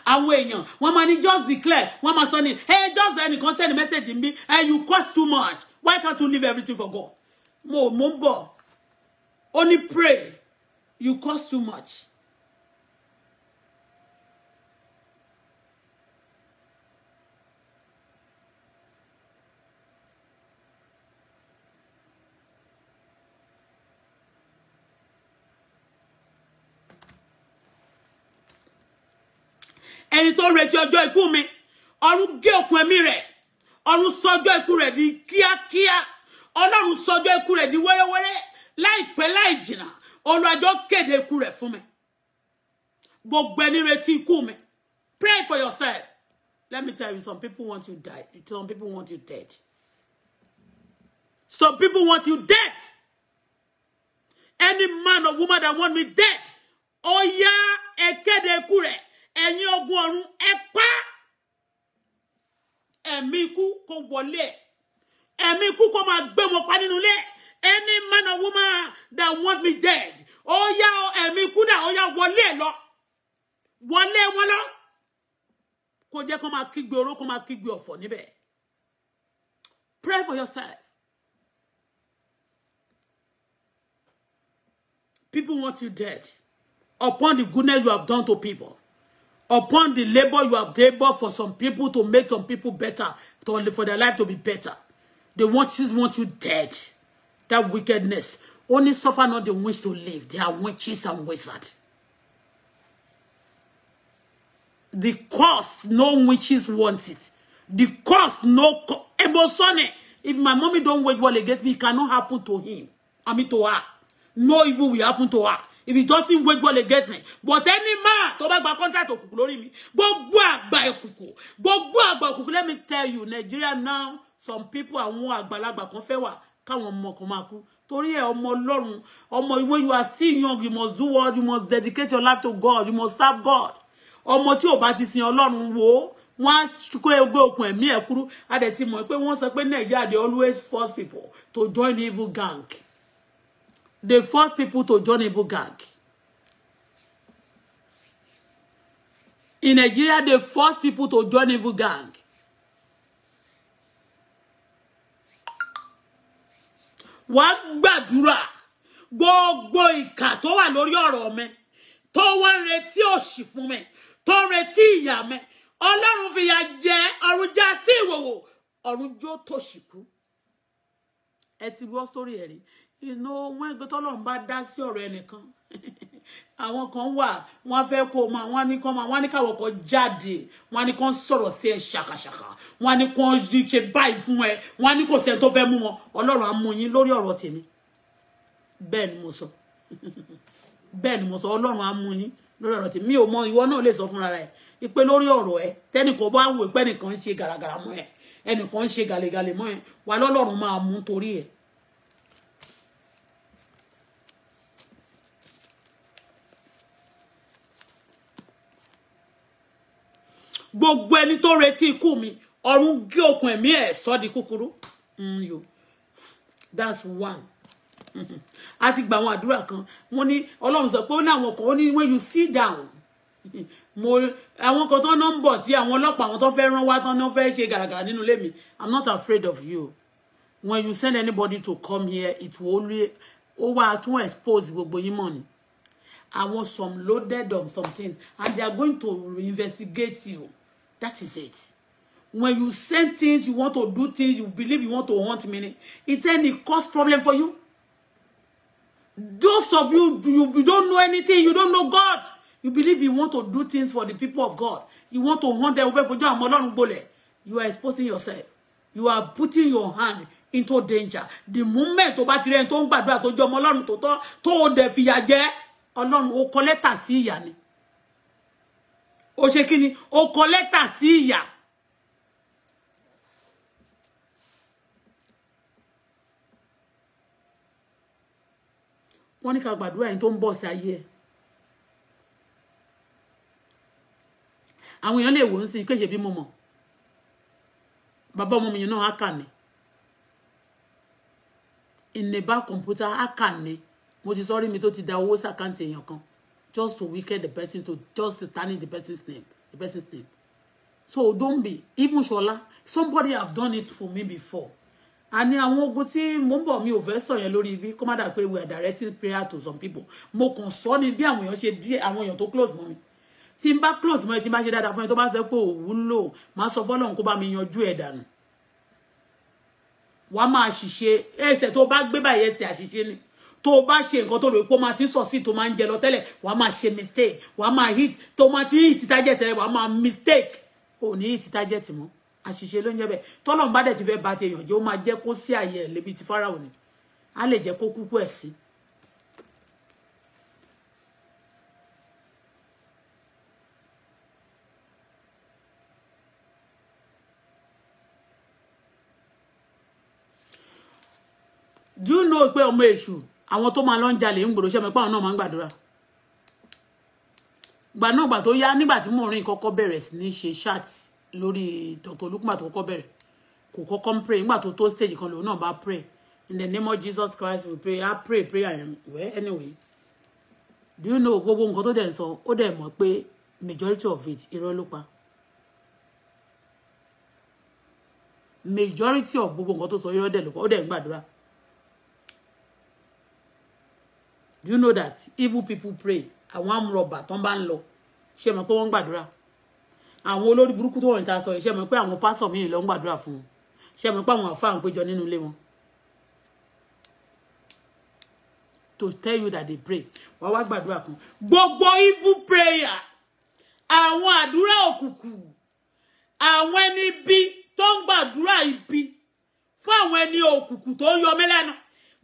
Àwọn èèyàn, wọ́n máa ní just declare, One man sọ hey, just ẹnìkan send message in me, and you cost too much. Why can't you leave everything for God? Mo, mo Only pray. You cost too much. ẹni tó retí ọjọ́ ikú mi ọ̀run gé òkun ẹ̀mí rẹ̀ ọ̀run sọjọ́ ikú rẹ̀ di kíákíá ọlọ́run sọjọ́ ikú rẹ̀ di wẹ́rẹ́wẹ́rẹ́ láìpẹ́ láì jìnnà olùwàjọ́ kéde ikú rẹ̀ fún mi gbogbo ẹni retí ikú mi pray for yourself let me tell you some people want you die some people want you dead some people want you dead any man or woman that want me dead ó yá ẹ kéde ikú rẹ̀ ẹ̀yin ogun ọ̀run ẹ pa ẹ̀mí ikú kó wọlé ẹ̀ ẹ̀mí ikú kó máa gbé wọn pa nínú ilé any man or woman that want me dead ó yá ẹ̀mí ikú dà ó yá wọlé lọ wọlé wọn lọ kó jẹ́ kó máa kígbe oró kó máa kígbe ọ̀fọ̀ níbẹ̀ pray for yourself people want you dead upon the goodness you have done to people upon the labor you have labored for some people to make some people better, to, for their life to be better. They want, just want you dead. That wickedness. Only suffer not the witch to live. They are witches and wizards. The cause, no witches want it. The cause, no... Ebosone, if my mommy don't wage well against me, it cannot happen to him. I mean to her. No evil will happen to her if he doesn't wage well against me but any man to bá gba contract òkùnkùn go mi gbogbo àgbà go gbogbo àgbà òkùnkùn let me tell you Nigeria now some people are àgbàlagbà kan fẹ́ wà káwọn ọmọ kan máa kú torí ẹ ọmọ Ọlọ́run when you are still young you must do what you must dedicate your life to God you must serve God ọmọ tí ò bá ti sin Ọlọ́run wò wọ́n kó egbe okùn ẹ̀mí ẹ̀ kúrú a dẹ̀ ti mọ̀ pé wọ́n sọ pé Nigeria dey always force people to join evil gang They force people to join Igbo gang. In Nigeria, they force people to join Igbo gang. Wàá gbàdúrà Go ìkà tó wà lórí ọ̀rọ̀ mi tó wá ń retí shifu fún To tó ń retí ìyà mi ọlọ́run fìyà jẹ ọ̀run já sí ìwòwò ọ̀run jó tòṣìkú ẹ ti gbọ́ sórí ẹ̀rí you know wọ́n gbé tọ́lọ́run bá dá sí ọ̀rọ̀ ẹnìkan àwọn kan wà wọ́n fẹ́ kó ma wọ́n ní kan ma wọ́n ní káwọn kan jáde wọ́n ní kan sọ̀rọ̀ sí ẹ ṣàkàṣàkà wọ́n ní kan ṣe báyìí fún ẹ wọ́n ní kò sẹ́ni tó fẹ́ mú wọn ọlọ́run á mú yín lórí ọ̀rọ̀ tèmi bẹ́ẹ̀ ni mo sọ bẹ́ẹ̀ ni mo sọ ọlọ́run á mú yín lórí ọ̀rọ̀ tèmi mi ò mọ ìwọ náà lè sọ fúnra rẹ ìpè lórí ọ̀rọ̀ ẹ tẹ́nìkan bá wò pé ẹnìkan ń ṣe gàràgàrà mọ́ ẹ ẹnìkan ń ṣe gàlégàlé mọ́ ẹ wà lọ́lọ́run máa mú torí ẹ gbogbo ẹni tó retí ikú mi ọ̀run gé okùn ẹ̀mí ẹ̀ sọ́ di kúkúrú mm, yo that's one a ti gba àwọn àdúrà kan wọ́n ní Ọlọ́run sọ pé ó ní àwọn kan ó ní when you sit down mo àwọn kan tó ń nọ́mbọ̀ tí àwọn ọlọ́pàá àwọn tó fẹ́ rán wá tán náà fẹ́ ṣe gàràgàrà nínú ilé i'm not afraid of you when you send anybody to come here it will only ó wá tún expose gbogbo yín mọ̀ ni àwọn some loaded on some things and they are going to investigate you. That is it. When you send things, you want to do things, you believe you want to hunt meaning, it any cost problem for you. Those of you, you, you don't know anything, you don't know God. You believe you want to do things for the people of God. You want to hunt them over for your mother you. You are exposing yourself. You are putting your hand into danger. The moment to bá ti to tó ń gbàdúrà tó jẹ́ ọmọ Ọlọ́run tó tọ́ tó dẹ̀ fìyà jẹ ó ṣe kí ni ó kọ lẹ́tà sí ìyá wọ́n ní ká gbàdúrà yìí tó ń bọ̀ sí ayé ẹ̀ àwọn èèyàn lè wò ó sí kéṣe bí mo mọ̀ bàbá ọmọ mi yẹn náà ákà ni ìnìbá kọ̀ǹpútà ni mo ti sọ rí mi tó ti da owó sàkáǹtì èèyàn kan just to wicked the person to just to tarnish the person's name the person's name so don't be even Shola somebody have done it for me before àní àwọn ogun tí mo ń mi o fẹ́ sọ yẹn lórí ibi kó má dà we are directing prayer to some people mo kàn sọ ni bí àwọn èèyàn ṣe díẹ̀ àwọn èèyàn tó close mọ́ mi tí n close mọ́ ẹ tí n bá ṣe dáadáa fún ẹ tó bá sọ pé òwúlò máa sọ fọ́lọ́run kó bá mi yanjú ẹ̀ dànù wàá máa ṣìṣe ẹsẹ̀ tó bá gbé báyẹn ti àṣìṣe ni tó bá ṣe nǹkan tó rò pé ó máa ti succeed tó máa ń jẹ lọ tẹ́lẹ̀ wàá máa ṣe mistake wa ma hit tó máa ti hit target rẹ wàá máa mistake ò ní hit target mọ́ àṣìṣe ló ń jẹ́ bẹ́ẹ̀ tọ́lọ́run bá dẹ̀ ti fẹ́ ba ti èèyàn jẹ́ ó máa jẹ́ kó sí àyè ẹ̀ lébi ti fáráwò ni á lè jẹ́ kó kúkú ẹ̀ do you know pé ọmọ èṣù àwọn tó máa lọ ń jalè ń gbòòrò ṣe mọ̀ pé àwọn náà máa ń gbàdúrà gbà náà gbà tó yá nígbà tí mò ń rìn kọ́kọ́ bẹ̀rẹ̀ sí ní ṣe chat lórí Dr. Lukman tó kọ́kọ́ bẹ̀rẹ̀ kò kọ́kọ́ ń pray nígbà tó tó stage kan lòun náà bá pray in the name of Jesus Christ we pray I pray pray I am well anyway do you know gbogbo nǹkan tó dẹ̀ ń sọ ó dẹ̀ mọ̀ pé majority of it irọ́ ló pa majority of gbogbo nǹkan tó sọ irọ́ dẹ̀ ló pa ó dẹ̀ ń gbàdúrà do you know that evil people pray àwọn amúrọ̀bà tó ń bá ń lọ ṣé mọ̀ pé wọ́n ń gbàdúrà àwọn olórí burúkú tó wọ̀nyí ta sọ ṣé mọ̀ pé àwọn pásọ̀ mi lọ ń gbàdúrà fún wọn ṣé mọ̀ pé àwọn àfáà ń péjọ nínú ilé wọn to tell you that they pray wàá wá gbàdúrà kan gbogbo evil prayer àwọn àdúrà òkùnkùn àwọn ẹni bí tó ń gbàdúrà ibi fún àwọn ẹni òkùnkùn tó ń yọ mí lẹ́nu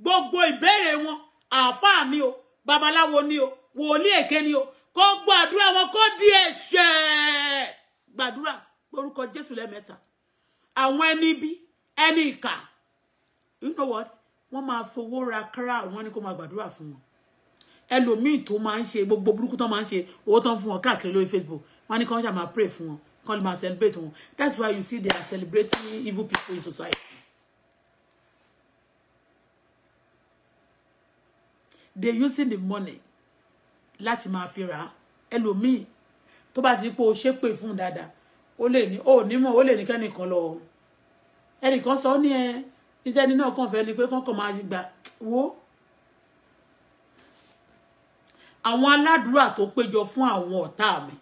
gbogbo ìbéèrè wọn àáfàá ni o babaláwo ni o wòlíì èké ni o kó gbàdúrà wọn kó di ẹ̀ṣẹ̀ gbàdúrà lórúkọ Jésù lẹ́ẹ̀mẹ́ta àwọn ẹni bí ẹni ìkà you know what wọ́n máa fowó ra kára àwọn ni kó máa gbàdúrà fún wọn ẹlòmíì tó máa ń ṣe gbogbo burúkú tó máa ń ṣe owó tó ń fún wọn káàkiri lórí Facebook wọ́n ní kí wọ́n ṣàmà pray fún wọn kí wọ́n lè máa celebrate wọn that's why you see they are celebrating evil people in society. they using the money láti máa fi rà á ẹlòmíì tó bá ti pé o ṣépè fún ni mo lè ní ó nímọ̀ ó lè ní kẹ́nìkan lọ ẹnìkan sọ ní ẹ níjẹ́ni náà kàn fẹ́ ni pé kọ́kàn máa gbà wó àwọn aládùúrà tó péjọ fún àwọn ọ̀tá mi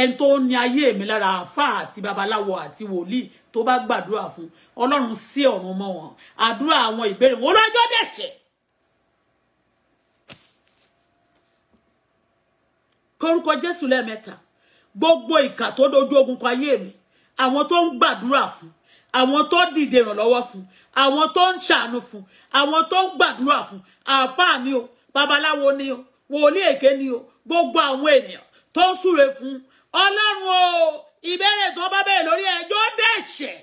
ẹni tó ní ayé mi lára àáfàá àti babaláwo àti wòlíì tó bá gbàdúrà fún ọlọ́run sí ọ̀run mọ́ wọn àdúrà àwọn ìbéèrè wọn lọ́jọ́ dẹ̀ṣẹ̀. korúkọ Jésù lẹ́ẹ̀mẹ́ta gbogbo ìkà tó doju ogun kọ ayé mi àwọn tó ń gbàdúrà fún àwọn tó ń dìde ìrànlọ́wọ́ fún àwọn tó ń ṣàánú fún àwọn tó ń gbàdúrà fún àáfàá ni o babaláwo ni o wòlíì èké ni o gbogbo àwọn ènìyàn tó ń súre fún o ìbéèrè tó bá bẹ̀rẹ̀ lórí ẹjọ́ dẹ̀ṣẹ̀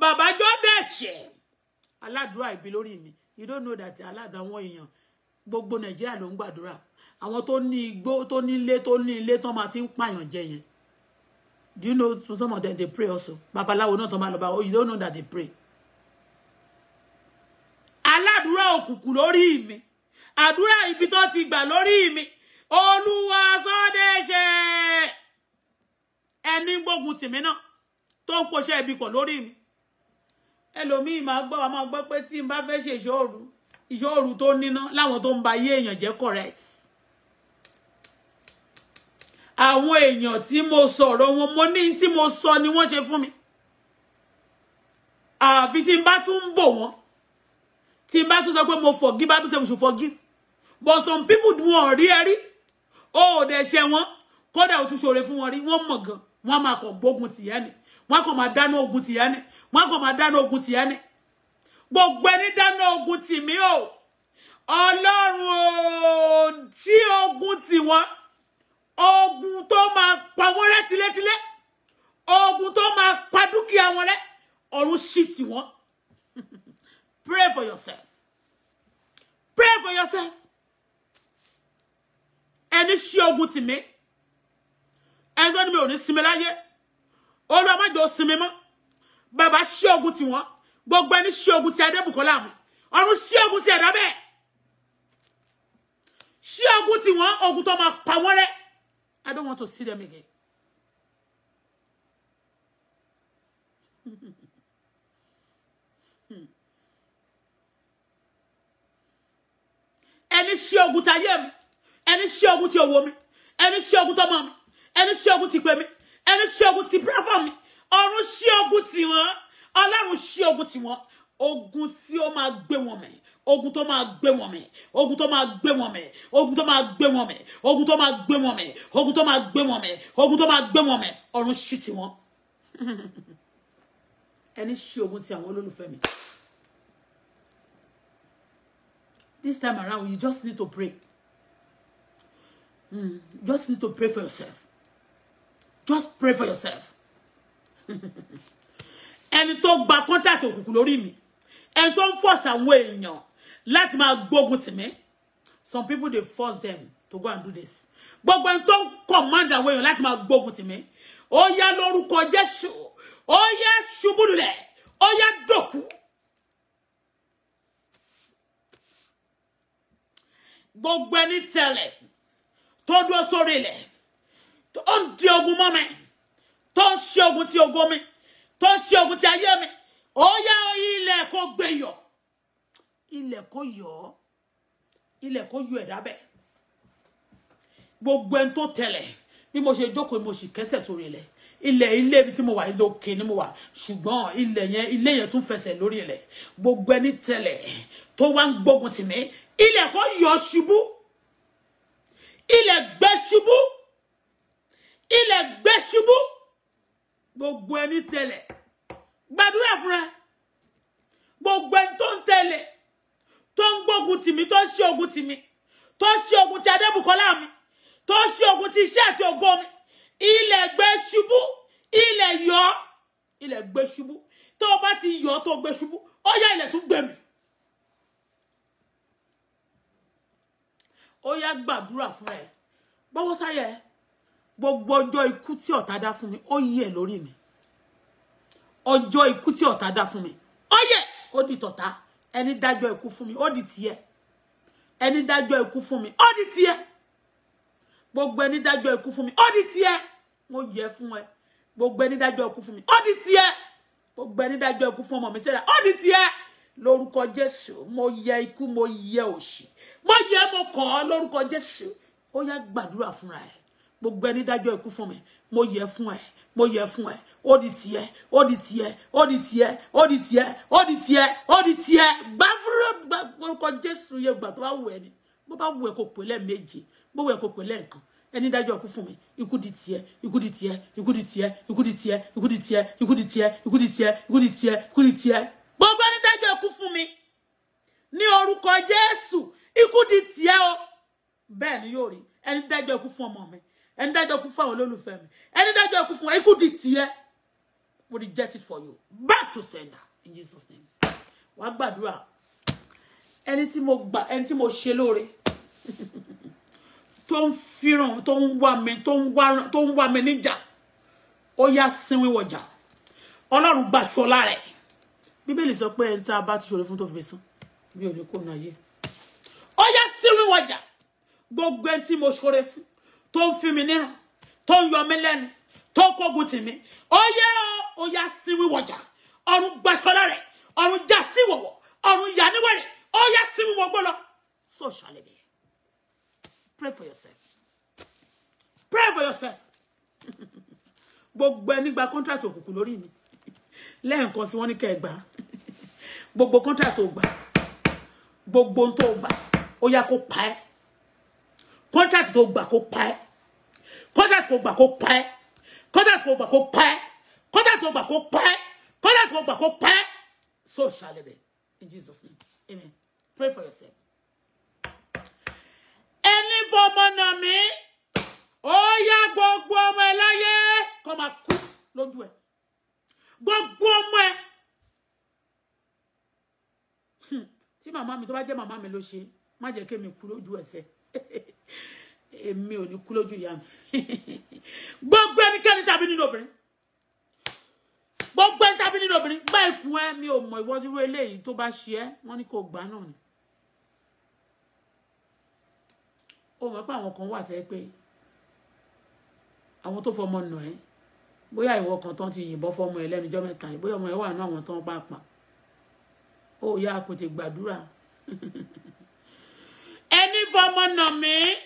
bàbá jọ́ dẹ̀ṣẹ̀ aládùúrà ìbí lórí mi you don't know that aládùúrà àwọn èèyàn gbogbo nàìjíríà ló ń àwọn tó ní igbó tó ní ilé tó ní ilé tán máa ti ń pààyàn jẹ yẹn do you know some of them dey pray also babaláwo náà tán máa lọ bá oh, you don't know that they pray aládùúrà òkùnkùn lórí mi àdúrà ibi tó ti gbà lórí mi olúwa sọdẹṣẹ ẹni gbógun tìmí náà tó ń poṣẹ ibi pọ̀ lórí mi ẹlòmíì máa gbọ́ wa máa gbọ́ pé tí n bá fẹ́ ṣe ìṣòro ìṣòro tó níná láwọn tó ń ba ayé èèyàn jẹ́ correct àwọn èèyàn tí mo sọ̀rọ̀ wọn mo ní tí mo sọ ni wọ́n ṣe fún mi àfi tí n bá tún ń bò wọ́n tí n bá tún sọ pé mo forgive Bible say we should forgive but some people wọn rí ẹrí o ò dẹ̀ ṣe wọn kódà ò tún ṣòro fún wọn rí wọ́n mọ̀ gan wọ́n máa kàn gbógun tìyá ni wọ́n kàn máa dáná ogun tìyá ni wọ́n kàn máa dáná ogun tìyá ni gbogbo ẹni dáná ogun tì mí o ọlọ́run ò tí ogun tì wọ́n ogun tó ma pa wọ́n tile. tilétilé ogun tó máa pa dúkìá wọn rẹ́ ọ̀run ṣì tì pray for yourself pray for yourself ẹni ṣí ogun tì mí ẹni tó ní mi ò ní sinmi láyé olúwa má jẹ́ ó sinmi mọ́ bàbá ṣí ogun tì wọ́n gbogbo ẹni ṣí ogun ti adébùkọ́lá mi ọ̀run ṣí ogun ti ẹ̀dá bẹ́ẹ̀ ogun tì wọ́n ogun tó máa pa wọ́n rẹ́ I don't want to see them again. ẹni ṣe ogun tayé mi ẹni ṣe ogun ti owó mi ẹni ṣe ogun Any mi ẹni ṣe ogun ti pè mí ẹni ṣe ogun ti platform mi ọ̀run ṣe ogun tiwọn Ọlọ́run ṣe ogun tiwọn ogun tí ó máa gbé wọn mẹ́yìn ogun tó ma gbé wọn mì ogun tó máa gbé wọn mì ogun tó máa gbé wọn mì ogun tó máa gbé wọn mì ogun tó máa gbé wọn mì ogun tó máa gbé wọn mì ọ̀run ṣì tì wọ́n ẹni ṣí ogun ti àwọn olólùfẹ́ mi this time around you just need to pray mm, just need to pray for yourself just pray for yourself ẹni tó gba kọ́ńtàtì òkùnkùn lórí mi ẹni tó ń fọ̀sà àwọn èèyàn Let máa gbógun tì mí some people they force them to go and do this gbogbo ẹni tó command àwọn èèyàn láti máa gbógun tì mí ó yá lórúkọ Jésù ó yá ṣubú lulẹ̀ ó yá dòkú. gbogbo ẹni tẹ̀lẹ̀ tó le. sórí ilẹ̀ tó ń di ogun mọ́ mi tó ń ṣe ogun ti ogun mi tó ń ogun ti ayé mi ó yá ilẹ̀ kó gbẹ̀yọ̀ ilẹ̀ kó yọ ọ́ ilẹ̀ kó yọ ẹ̀dá bẹ́ẹ̀ gbogbo ẹni tó tẹlẹ̀ bí mo ṣe jókòó mo sì kẹ́sẹ̀ sórí ilẹ̀ ilẹ̀ ilé ibi tí mo wà lókè ni mo wà ṣùgbọ́n ilẹ̀ yẹn ilé yẹn tún fẹsẹ̀ lórí ilẹ̀ gbogbo ẹni tẹlẹ̀ tó wá ń gbógun tì mí ilẹ̀ kó yọ ṣubú ilẹ̀ gbẹ ṣubú ilẹ̀ gbẹ ṣubú gbogbo ẹni tẹlẹ̀ gbàdúrà fúnra gbogbo ẹni tó ń tẹlẹ̀ tó ń gbógun tì mí tó ń ṣe ogun tì mí tó ń ṣe ogun ti adébùkọ́lá mi tó ń ṣe ogun ti iṣẹ́ àti ògo mi ilẹ̀ gbé ṣubú ilẹ̀ yọ ilẹ̀ gbé ṣubú tó o bá ti yọ tó o gbé ṣubú ó yá ilẹ̀ tún gbé mi. ó yá gbàdúrà fún ẹ bọ́wọ́ sáyẹ gbogbo ọjọ́ ikú tí ọ̀tá dá fún mi ó yí ẹ lórí mi ọjọ́ ikú tí ọ̀tá dá fún mi ó yẹ ó di tọ̀tá ẹni dájọ́ ikú fún mi ó di tiẹ̀ ẹni dájọ́ ikú fún mi ó di tiẹ̀ gbogbo ẹni dájọ́ ikú for me, all the tiẹ̀ mo yẹ fún ẹ gbogbo ẹni dájọ́ ikú fún mi ó di tiẹ̀ gbogbo ẹni dájọ́ ikú fún ọmọ mi sẹ́dá ó di tiẹ̀ lórúkọ Jésù mo yẹ ikú mo yẹ òṣì mo yẹ mo kàn ọ́ lórúkọ Jésù ó yá gbàdúrà fúnra ẹ gbogbo ẹni dájọ́ ikú fún mi mo yẹ fún ẹ mo yẹ fún ẹ ó di tiẹ̀ ó di tiẹ̀ ó di tiẹ̀ ó di tiẹ̀ ó di tiẹ̀ ó di tiẹ̀ gbàfúrò gbàgbọrúkọ jésù yẹ gbà tó bá wù ẹ ni bó bá wù ẹ kó pè lẹ́ẹ̀mejì bó wù ẹ kó pè lẹ́ẹ̀kan ẹni dájọ́ ọkú fún mi ikú di tiẹ̀ Iku di tiẹ̀ Iku di tiẹ̀ Iku di tiẹ̀ Iku di tiẹ̀ Iku di tiẹ̀ Iku di tiẹ̀ Iku di tiẹ̀ Iku di tiẹ̀ gbogbo ẹni dájọ́ ọkú fún mi ní orúkọ jésù ikú di tiẹ̀ o bẹ́ẹ̀ ni yóò rí ẹni dájọ́ ọkú fún ọmọ mi ẹni dájọ́ ikú fún àwọn olólùfẹ́ mi ẹni dájọ́ ikú fún ikú di tiẹ̀ we reject it for you back to sender in Jesus name wàá gbàdúrà ẹni tí mo gbà ẹni tí mo ṣe lóore tó ń fìràn tó ń wá mi tó ń wá tó ń wá mi níjà ó yá sinwi wọjà Ọlọ́run gbà ṣọlá rẹ̀ bíbélì sọ pé ẹni tá a bá ti ṣòro fún tó fi san mi ò ní kó náà yé ó yá sinwi wọjà gbogbo ẹni tí mo ṣòro fún tó ń fi mi níran tó ń yọ mí lẹ́nu tó ń kógun tì mí ó yẹ ó yá sí wíwọjà ọ̀run gbàṣọlá rẹ̀ ọ̀run já sí wọ̀wọ̀ ọ̀run yà níwẹ̀rẹ̀ ó yá sí wíwọ so shall be pray for yourself pray for yourself gbogbo ẹni gba contract òkùnkùn lórí mi lẹ́ẹ̀kan sí wọ́n ní kẹgbà gbogbo contract o gbà gbogbo ohun tó gbà Oya ko kó pa ẹ́ contract tó gbà ko pa ẹ́ contract kò gbà kó pa ẹ́ contract kò gbà kó pa ẹ́ contract kò gbà kó pa ẹ́ contract kò gbà kó pa ẹ́ so shall it be in Jesus name amen pray for yourself. Any ẹni fọmọ nà mí ó yá gbogbo ọmọ ẹ láyé kó máa kú lójú ẹ gbogbo ọmọ ẹ hmm. tí màmá mi tó bá jẹ́ màmá mi ló ṣe má jẹ́ kémi kú lójú ẹsẹ̀ èmi ò ní kú lójú ìyá mi gbogbo ẹnikẹ́ni tàbí nínú obìnrin gbogbo ẹni tàbí nínú obìnrin gbá ikùn ẹ mi ò mọ ìwọ dúró eléyìí tó bá ṣe ẹ wọn ní kò gbà náà ni ó mọ̀ pé àwọn kan wà tẹ́ pé àwọn tó fọmọ nà ẹ́ bóyá ìwọ kan tán ti yìnbọn fọmọ ẹ lẹ́nu ọjọ́ mẹ́ta yìí bóyá ọmọ ẹ wà ní àwọn tán bá pa ó yá kò tè gbàdúrà ẹni fọmọ nà mí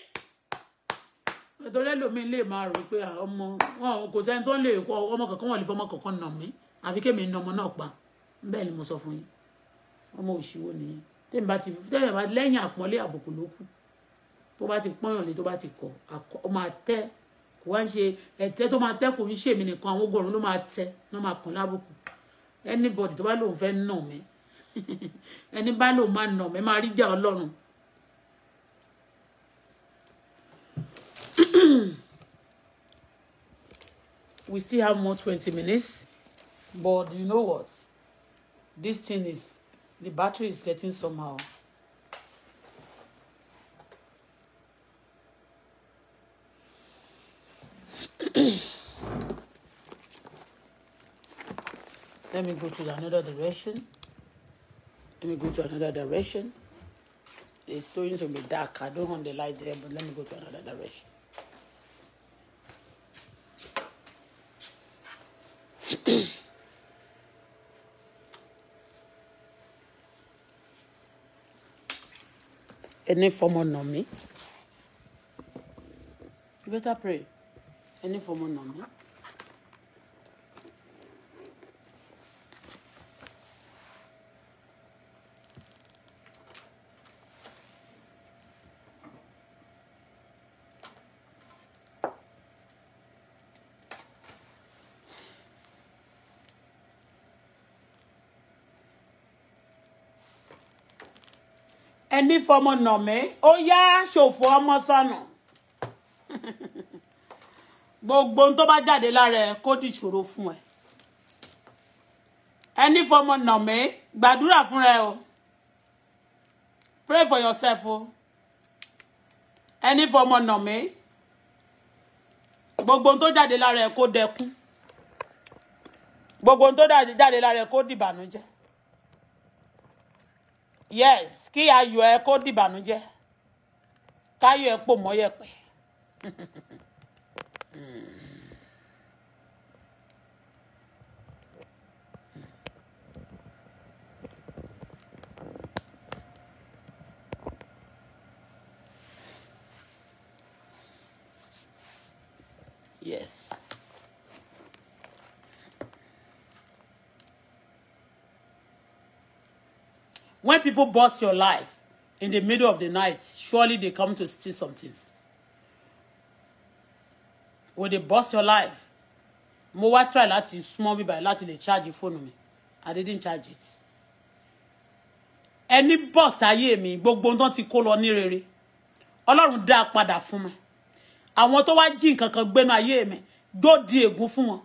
torí ẹlòmíín lè máa rò pé ah, ọmọ wọn kò sẹ́ni tó lè kọ ọmọ kankan wọn lè fọmọ kankan nà mí àfi kémi ní ọmọ náà pa bẹ́ẹ̀ ni mo sọ fún yín ọmọ òṣìwò nìyẹn tẹ́yìn bá ti tẹ́yìn bá lẹ́yìn àpọ́nlé àbùkù ló kù tó bá ti pọ́nyàn lé tó bá ti kọ̀ ọ máa tẹ́ kò wá ń ṣe ẹ̀tẹ́ tó máa tẹ́ kò ń ṣèmi nìkan àwọn ọgọ́rùn-ún ló máa tẹ́ ló máa kàn lábùkù anybody tó bá lóun fẹ́ nà mí ẹni bá lóun máa nà mí máa rí jà ọlọ́run we still have more 20 minutes but you know what this thing is the battery is getting somehow let me go to another direction let me go to another direction it's going to be dark i don't want the light there but let me go to another direction Any fọmọ nà you better pray Any fọmọ nà ẹni fọmọ nà mí ó yá ṣòfò ọmọ sànù gbogbo ohun tó bá jáde lára ẹ kó dìṣòro fún ẹ ẹni fọmọ nà mí gbàdúrà fúnra ẹ o pray for yourself o ẹni fọmọ nà mí gbogbo ohun tó jáde lára ẹ kó dẹkún gbogbo ohun tó jáde lára ẹ kó dìbànújẹ́ yes kí ayọ̀ ẹ ka dìbànújẹ́ káyọ̀ ẹ pò pe. When people bust your life in the middle of the night, surely they come to steal some things. When they bust your life, mo wá try láti small mi by láti they charge your fóònù me, I didn't charge it. Any boss ayé mi gbogbo nǹkan tí kó lọ ní rere. Ọlọ́run dá a padà fún mi. Àwọn tó wá jí nǹkan kan gbénu ayé mi, dó di ègún fún wọn.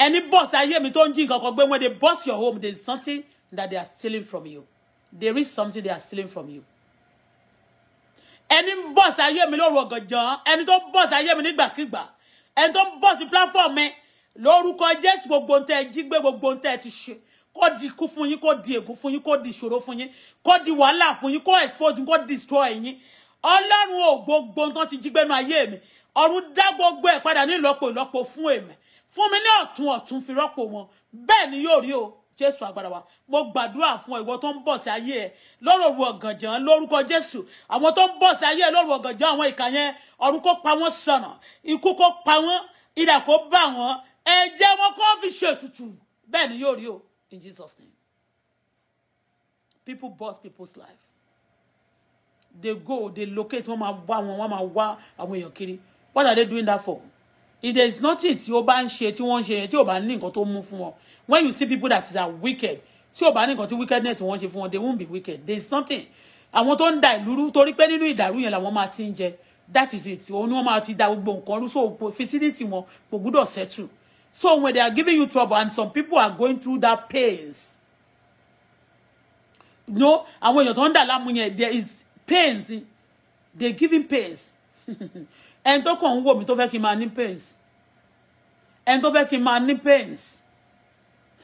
Any boss I hear me don't drink alcohol, when they boss your home, there's something that they are stealing from you. There is something they are stealing from you. Any boss I hear me work gànjàn, ẹni tó boss I hear me nígbàkígbà, ẹni tó boss the platform me eh. Lord who gbogbo ń go jí gbé gbogbo ń tẹ́ ti ṣe kó di ikú fún yín kó di ègún fún the kó di ìṣòro fún yín kó di wàhálà fún yín kó expose kó destroy yín ọlọ́run ò gbogbo tán ti jí gbẹ́nu ayé mi ọ̀run go gbogbo ẹ̀ padà ní ìlọ́po ìlọ́po fún èmi fún mi ní ọ̀tún ọ̀tún fi rọ́pò wọn bẹ́ẹ̀ ni yóò rí o jésù agbára wa mo gbàdúrà fún ìwọ tó ń bọ̀ sí ayé ẹ lọ́rọ̀ òru ọ̀gànjàn lórúkọ jésù àwọn tó ń bọ̀ sí ayé ẹ lọ́rọ̀ ọ̀gànjàn àwọn ìkà yẹn ọ̀run kó pa wọ́n sànà ikú kó pa wọ́n idà kó bá wọn ẹ̀jẹ̀ wọn kó fi ṣètùtù bẹ́ẹ̀ ni yóò rí o in jesus name people boss people's life they go they locate wọn máa wá wọn wọn máa wá àwọn èèyàn kiri what are they doing that for if there is nothing tí ó bá ń ṣe tí wọ́n ń ṣe yẹn tí ò bá ní nǹkan tó mú fún when you see people that is are wicked tí ò bá ní nǹkan tí wickedness wọ́n ṣe fún wọn they won't be wicked there is nothing àwọn tó ń da ìlúrú torí pé nínú ìdàrú yẹn làwọn máa ti ń jẹ that is it O ni wọ́n máa ti da gbogbo nǹkan rú so facility wọn kò gbúdọ̀ settle so when they are giving you trouble and some people are going through that pains no àwọn èèyàn tó ń dà láàmú yẹn there is pains they giving pains ẹni tó kàn ń wò mí tó fẹ́ kí n máa ní pains ẹni tó fẹ́ kí n máa ní pains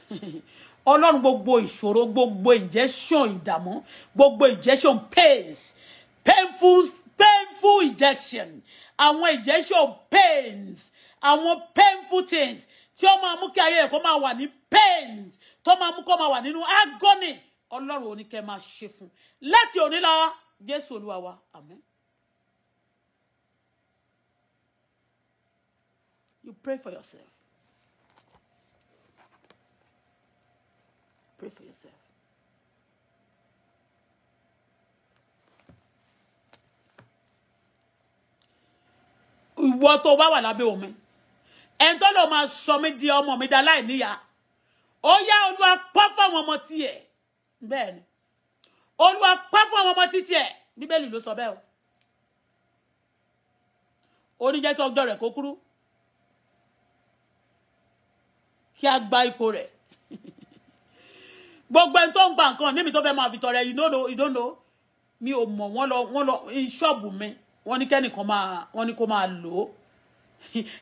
ọlọ́run gbogbo ìṣòro gbogbo injection ìdààmú gbogbo injection pains painful painful injection àwọn injection pains àwọn painful things tí ó máa mú kí ayé ẹ̀kọ́ máa wà ní pains tó máa mú kó máa wà nínú agony ọlọ́run oníkẹ́ máa ṣe fún láti òní lọ jésù olúwa wa amen. You pray for yourself. Pray for yourself. Ìwọ tó bá wà lábẹ́ omi. Ẹni tó lọ máa sọ mí di ọmọ mi dá láì níyà. Ó yá Olúwa pọ́ fáwọn ọmọ tiẹ̀. Bẹ́ẹ̀ ni. Olúwa pọ́ fáwọn ọmọ títí ẹ̀. Bíbélì ló sọ bẹ́ẹ̀ o. Ó ní jẹ́ kí ọjọ́ rẹ̀ kó kúrú. kí a gba ipò rẹ̀ gbogbo ẹni tó ń gba nǹkan ní mi tó fẹ́ máa fi tọrẹ you don't know you don't know mi ò mọ̀ wọ́n lọ wọ́n lọ ṣọ́ọ̀bù mi wọ́n ní kẹ́nìkan máa wọ́n ní kó máa lò ó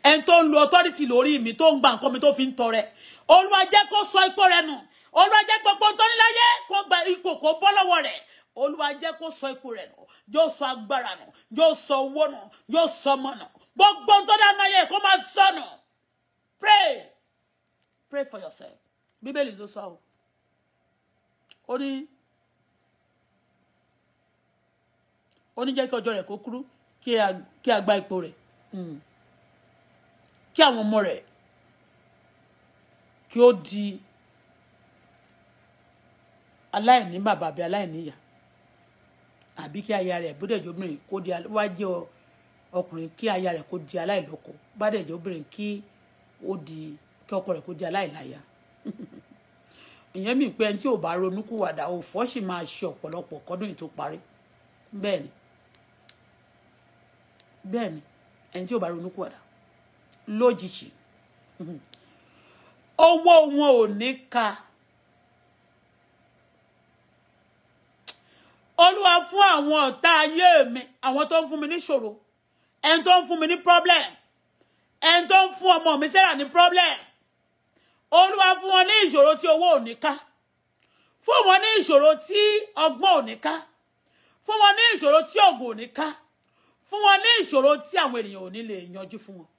ẹni tó ń lo authority lórí mi tó ń gba nǹkan mi tó fi ń tọrẹ Olúwa jẹ́ kó sọ ipò rẹ̀ nù Olúwa jẹ́ gbogbo tó ní láyé kó gba ipò kó bọ́ lọ́wọ́ rẹ̀ Olúwa jẹ́ kó sọ ipò rẹ̀ nù yóò sọ agbára nù yóò sọ owó nù yóò sọ ọmọ nù gbogbo tó dáná yẹ kó máa sọ nù pray pray for yourself bíbélì ló sọ o ó ní ó ní jẹ́ kí ọjọ́ rẹ̀ kó kúrú kí a gba ipò rẹ̀ hmm. kí àwọn ọmọ rẹ̀ kí ó di aláìní bàbá àbí aláìní ìyá àbí kí aya rẹ̀ bó dẹ̀jọ́ obìnrin kó di wá jẹ́ ọkùnrin kí aya rẹ̀ kó di aláìlọ́kọ bá dẹ̀jọ́ obìnrin kí ó di kí ọkọ rẹ̀ kó jẹ́ aláìláya ìyẹn mi pé ẹni tí ò bá ronúkúwàdà òfò sì máa ṣe ọ̀pọ̀lọpọ̀ kọ́dún yìí tó parí bẹ́ẹ̀ ni bẹ́ẹ̀ ni ẹni tí ò bá ronúkúwàdà lójijì owó wọn ò ní ka olúwa fún àwọn ọ̀tá ayé mi àwọn tó ń fún mi níṣòro ẹni tó ń fún mi ní problem ẹni tó ń fún ọmọ mi sẹ́rà ní problem olúwa fún wọn ní ìṣòro tí owó ò ní ká fún wọn ní ìṣòro tí ọgbọ́n ò ní ká fún wọn ní ìṣòro tí ògùn ò ní ká fún wọn ní ìṣòro tí àwọn ènìyàn ò ní lè yanjú fún wọn.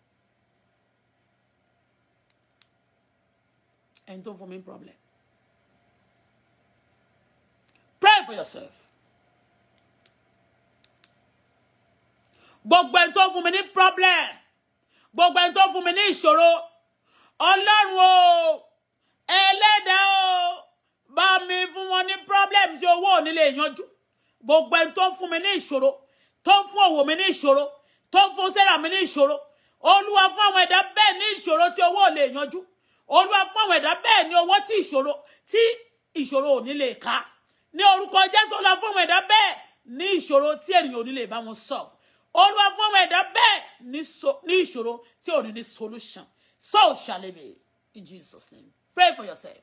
ẹni tó ń fún mi problem pray for yourself. gbogbo ẹni tó fún mi ní problem gbogbo ẹni tó fún mi ní ìṣòro ọlọ́run o ẹlẹ́dàá o bá mi fún wọn ní problem tí owó ò ní lè yanjú gbogbo ẹni tó ń fún mi ní ìṣòro tó ń fún òwò mi ní ìṣòro tó ń fún sẹ́ra mi ní ìṣòro olúwa fún àwọn ẹ̀dá bẹ́ẹ̀ ní ìṣòro tí owó ò lè yanjú olúwa fún àwọn ẹ̀dá bẹ́ẹ̀ ní owó tí ìṣòro tí ìṣòro ò ní lè ká ní orúkọ jésù olúwa fún àwọn ẹ̀dá bẹ́ẹ̀ ní ìṣòro tí ènìyàn ò ní bá wọn solve olúwa fún àwọn ẹ̀dá bẹ́ẹ̀ ní ìṣòro tí ò ní ní solution So shall it be. In Jesus' name. Pray for yourself.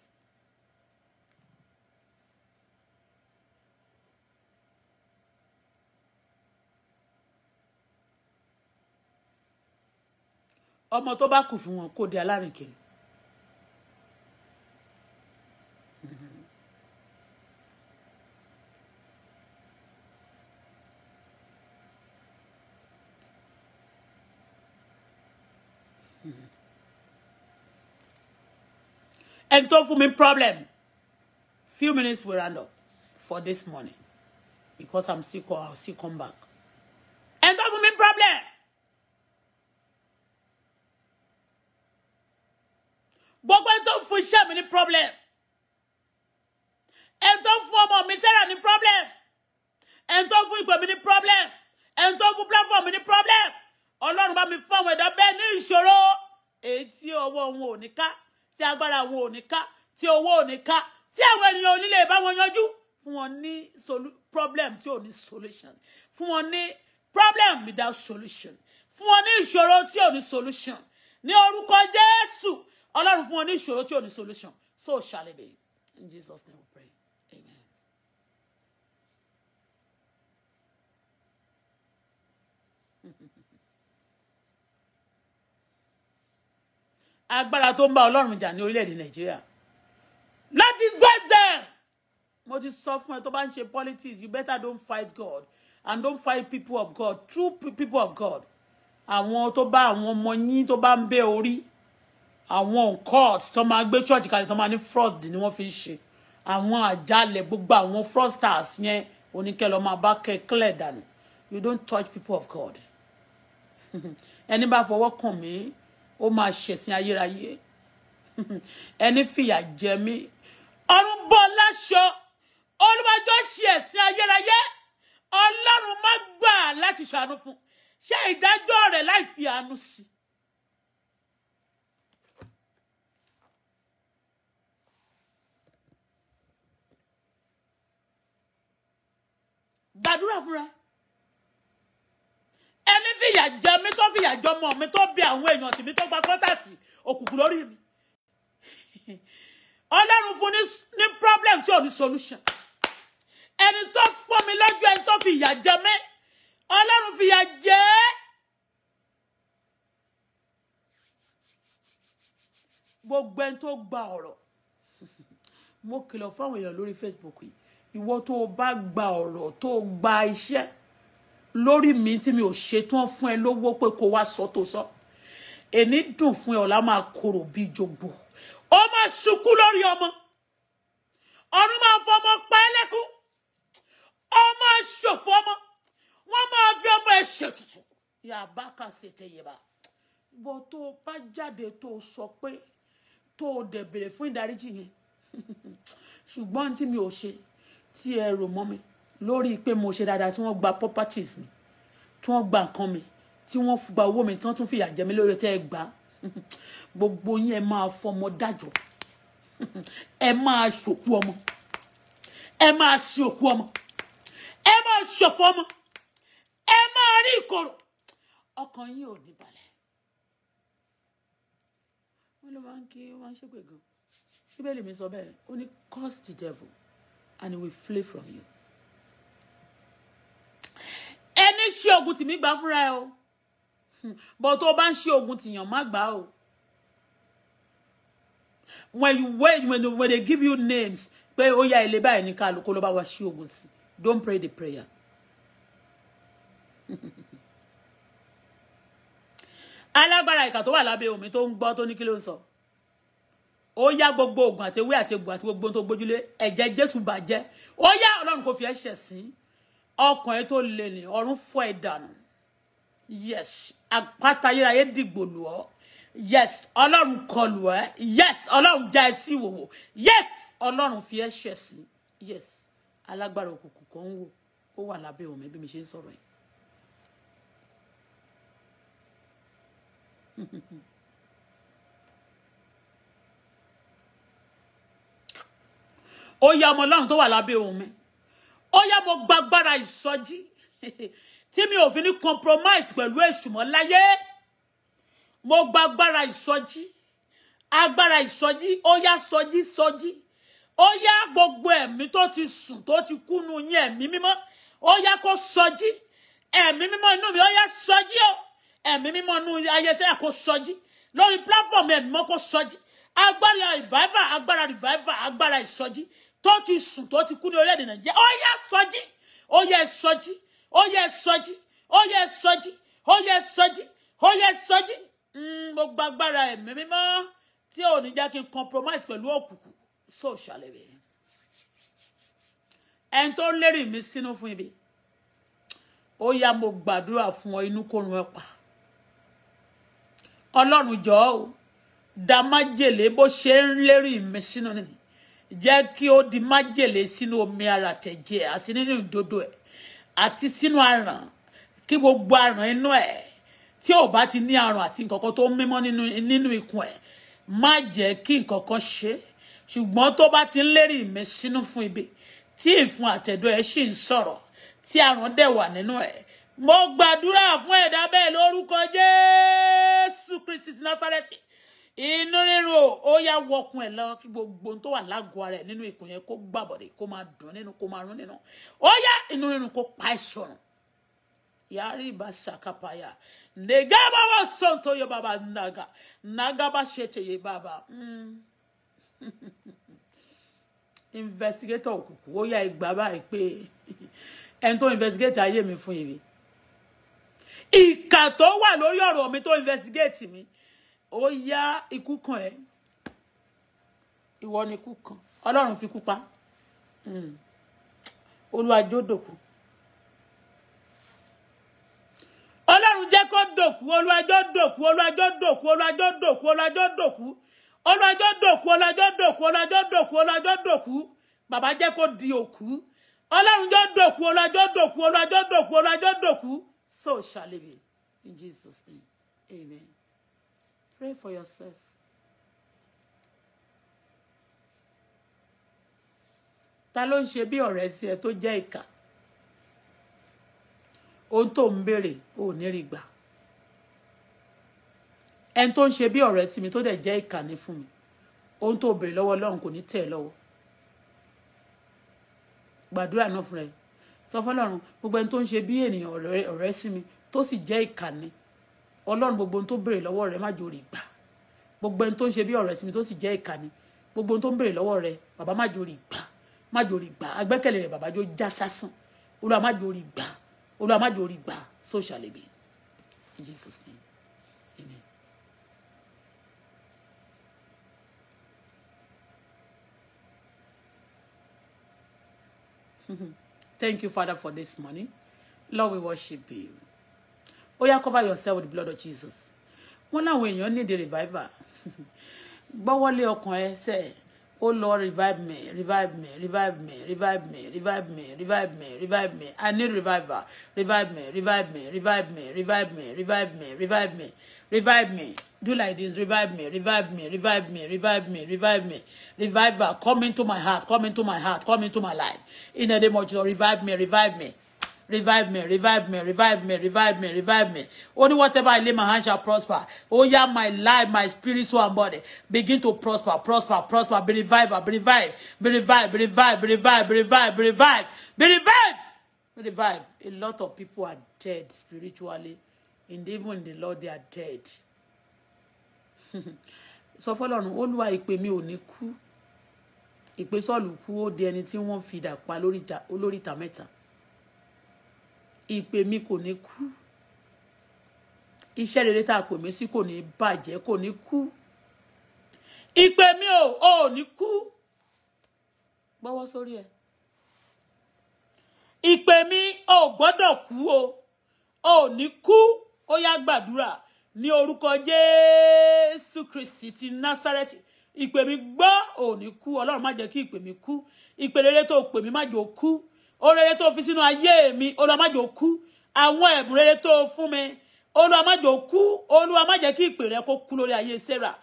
ọmọ tó bá kù fún wọn kó di alárìnkiri And tó fún mi problem few minutes will round up for this morning because i'm still call i'll still come back And tó fún mi problem gbogbo ẹni tó fún iṣẹ́ mi problem And tó fún ọmọ mi Sarah problem And tó fún ìgbẹ́ mi ní problem And tó fún platform mi problem ọlọ́run bá mi fún àwọn ẹ̀dá bẹ́ẹ̀ ní ìṣòro èyí tí ọwọ́ òun ò ní tí agbára wo ò ní ká tí owó ò ní ká tí àwọn ènìyàn ò ní lè bá wọn yanjú problem tí ò ní solution fún wọn ní problem without solution fún wọn ní ìṣòro tí ò ní solution ní orúkọ Jésù Ọlọ́run fún wọn ní ìṣòro tí ò ní solution so shall it be in Jesus name. agbára tó ń bá ọlọ́run jà ní orílẹ̀-èdè nàìjíríà let disgrace them mo ti sọ fún ẹ tó bá ń ṣe politics you better don't fight God and don't fight people of God true people of God àwọn tó bá àwọn ọmọ yín tó bá ń bẹ orí àwọn court tó máa gbé church kalẹ̀ tó máa ní fraud ni wọ́n fi ń ṣe àwọn àjálẹ̀ gbogbo àwọn fraudsters yẹn oníkẹ́lọ́ máa bá kẹ́ clear dànù you don't touch people of God ẹni bá fọwọ́ kàn mí ó máa ṣẹ̀sìn ayérayé ẹni fìyà jẹ mí ọ̀run bọ́ láṣọ olùwàjọ́ ṣe ẹ̀sìn ayérayé ọlọ́run má gbà láti ṣàánú fún ṣe ìdájọ́ rẹ̀ láì fi àánú sí. gbàdúrà fúnra ẹ ẹni fìyà jẹ mi tó fìyà jọ ọmọ mi tó bí àwọn èèyàn tì mí tó gba kọ́ńtàtì òkùnkùn lórí mi ọlọ́run fún ní problem tí ò ní solution ẹni tó pọ́n mi lójú ẹni tó fìyà jẹ mi ọlọ́run fìyà jẹ gbogbo ẹni tó gba ọ̀rọ̀ mo kìlọ̀ fáwọn èèyàn lórí Facebook yìí ìwọ tó o bá gba ọ̀rọ̀ tó o gba iṣẹ́ lórí mi tí mi ò ṣetán fún ẹ lówó pé kó wá sọ tó sọ èní dùn fún ẹ ọ̀la máa korò bíi jogbo ó máa sunkún lórí ọmọ ọ̀run máa fọmọ pa ẹ́ lẹ́kún ó máa ṣòfò ọmọ wọ́n máa fi ọmọ ẹ̀ ṣètùtù yàbá kà sí tẹ̀yẹ̀bà bọ́ tó o bá jáde tó o sọ pé tó o dẹ̀ bèrè fún ìdáríjì yẹn ṣùgbọ́n tí mi ò ṣe tí ẹ rò mọ́ mi lórí pé mo ṣe dáadáa tí wọ́n gba properties mi tí wọ́n gba nǹkan mi tí wọ́n gba owó mi tí wọ́n tún fìyà jẹ mí lórí tẹ́ ẹ gbà gbogbo yín ẹ máa fọmọ dájọ́ ẹ máa ṣòkú ọmọ ẹ máa ṣe òkú ọmọ ẹ máa ṣòfò ọmọ ẹ máa rí ìkorò ọkàn yín ò ní balẹ̀ wọ́n ló máa ń kí wọ́n ń ṣépè gan bíbélì mi sọ bẹ́ẹ̀ ó ní curse the devil and he will flee from you ní ṣe oògùn tìmí gbà fúnra ẹ o bọ̀ tó o bá ń ṣe oògùn tìyàn má o when you wait when, when they give you names pé ó yá ilé báyìí ní kálukú ló bá wá ṣe oògùn tì don't pray the prayer. alágbára ìkà tó wa labe omi tó ń gbọ́ tó ní kí ló ń sọ ó yá gbogbo oògùn àti ewé àti egbò àti gbogbo tó gbójúlé ẹ̀jẹ̀ Jésù bàjẹ́ ó yá Ọlọ́run kò fi ẹ̀ṣẹ̀ sí ọkàn ẹ tó lè ní ọ̀run fọ́ ẹ dànù yes àpáta ayérayé dìgbò lù ọ́ yes ọlọ́run kọlù ẹ yes ọlọ́run já ẹ sí ìwòwò yes ọlọ́run fi ẹ ṣẹ̀ sí yes alágbára òkùnkùn kan ń wò ó wà lábẹ́ òun bí mi ṣe ń sọ̀rọ̀ yìí. ó yá ọmọ ọlọ́run tó wà lábẹ́ òun mi ó yá mo gbàgbára ìsọjí tí mi ò fi ní compromise pẹ̀lú èṣù mọ́ láyé mo gbàgbára ìsọjí agbára ìsọjí ó yá sọjí sọjí ó yá gbogbo ẹ̀mí tó ti sùn tó ti kúnnu yín ẹ̀mí mímọ́ ó yá kó sọjí ẹ̀mí mímọ́ inú mi ó yá sọjí o ẹ̀mí mímọ́ inú ayé sẹ́yà kó sọjí lórí platform ẹ̀mí mọ́ kó sọjí agbára revival agbára revival agbára ìsọjí tó ti sùn tó ti kú ní orílẹ̀-èdè nàìjíríà ó yẹ sọjí ó yẹ sọjí ó yẹ sọjí ó yẹ sọjí ó yẹ sọjí ó yẹ sọjí hmm, gbogbo agbára ẹ̀mí mímọ́ tí ò ní jẹ́ kí n compromise pẹ̀lú òkùnkùn so ṣàlẹ̀ bẹ́ẹ̀ ẹni tó ń lérí mi sínú fún ibi ó yá mo gbàdúrà fún ọ inú kò rún ẹ pa ọlọ́run jọ̀ọ́ o dá májèlé bó ṣe ń lérí mi sínú nìyí jẹ́ kí ó di májèlé sínú omi ara tẹ̀jẹ̀ àti nínú ìdodo ẹ̀ àti sínú aràn kí gbogbo aràn inú ẹ̀ tí ò bá ti ní aràn àti nǹkan kan tó mímọ́ nínú ikùn ẹ̀ má jẹ́ kí nǹkan kan ṣe ṣùgbọ́n tó bá ti ń lérí ìmísínú fún ibi tí ìfun àtẹ̀dọ̀ ẹ̀ sì ń sọ̀rọ̀ tí aràn dẹ̀ wà nínú ẹ̀ mo gbàdúrà fún ẹ̀dá bẹ́ẹ̀ lórúkọ Jésù Kristi ti Násárẹ́tì inú rírò ó yá wọkun ẹ̀ lọ kí gbogbo tó wà lágọ̀ọ́ rẹ̀ nínú ikùn yẹn kó gbàbọ̀dẹ̀ kó máa dùn nínú kó máa rún nínú ó yá inú rírun kó pa ẹ̀ nega yo baba naga naga ba shete ye baba mm. investigator òkùnkùn ó yá igba báyìí pé ẹni tó investigate ayé mi fún ìkà tó wà lórí mi tó investigate mi ó yá ikú kan ẹ ìwọ ni ikú kan ọlọ́run fi kú pa olúwa jó dòkú ọlọ́run jẹ́ kó dòkú olúwa jó dòkú olúwa jó dòkú olúwa jó dòkú olúwa jó dòkú olúwa jó dòkú olúwa jó dòkú olúwa jó dòkú olúwa jó dòkú bàbá jẹ́ kó di òkú ọlọ́run jó dòkú olúwa jó dòkú olúwa jó dòkú olúwa jó dòkú so shall it be in Jesus name amen. Pray for yourself. Ta ló ń ṣe bí ọ̀rẹ́ sí ẹ tó jẹ́ ìkà? Ohun tó ń béèrè ò ní rí gbà. Ẹni tó ń ṣe bí ọ̀rẹ́ sí mi tó dẹ̀ jẹ́ ìkà ni fún mi. Ohun tó béèrè lọ́wọ́ Ọlọ́run kò ní tẹ̀ ẹ́ lọ́wọ́. Gbàdúrà náà fún ẹ. Sọ fọ́lọ́run gbogbo ẹni tó ń ṣe bí ènìyàn ọ̀rẹ́ sí mi tó sì jẹ́ ìkà ni ọlọ́run gbogbo ohun tó béèrè lọ́wọ́ rẹ má jò rí gbà gbogbo ẹni tó ń ṣe bí ọ̀rẹ́ sí mi tó sì jẹ́ ìkà ni gbogbo ohun tó ń béèrè lọ́wọ́ rẹ bàbá má jò rí gbà má jò rí gbà agbẹ́kẹ̀lé rẹ bàbá jò já sásán olúwa má jò rí gbà olúwa má jò rí gbà so shall it be in Jesus name amen. Thank you, Father, for this morning. Lord, we worship you. Oh, yá cover yourself with the blood of Jesus wọ́n when you need a revival gbọ́wọ́lé ọkàn ẹ say, "Oh Lord, revive me revive me revive me revive me revive me revive me revive me I need revival revive me revive me revive me revive me revive me revive me revive me do like this revive me revive me revive me revive me revive me revival come into my heart come into my heart come into my life in the name of Jesus revive me revive me revive me revive me revive me revive me revive me Only whatever I lay my hand shall prosper Oh yeah, my life my spirit soul and body begin to prosper prosper prosper be revived be revived be revived be revived be revived be revived be revived be revived be revived a lot of people are dead spiritually and even the Lord they are dead sọ fọ́lọ́run olúwa ìpè mi ò ní kú ìpè sọ́ọ̀lù kú ó di ẹni tí wọ́n fi dà pa lórí ìta mẹ́ta ìpè mi kò ní kú iṣẹ́ rere tá a pè mí sí kò ní bàjẹ́ kò ní kú ìpè mi ò ò ní kú gbọ́wọ́ sórí ẹ̀ ìpè mi ò gbọ́dọ̀ kú o ò ní kú ó yá gbàdúrà ní orúkọ Jésù Kristi ti Násárẹ́tì ìpè mi gbọ́ ò ní kú Ọlọ́run má jẹ́ kí ìpè mi kú ìpè rere tó pè mí má jẹ́ ó kú orere tó fi sínú ayé mi Olúwa má jò kú àwọn ẹ̀bùn rere tó fún mi Olúwa má jò kú Olúwa má jẹ́ kí ìpè rẹ kó kú lórí ayé Sarah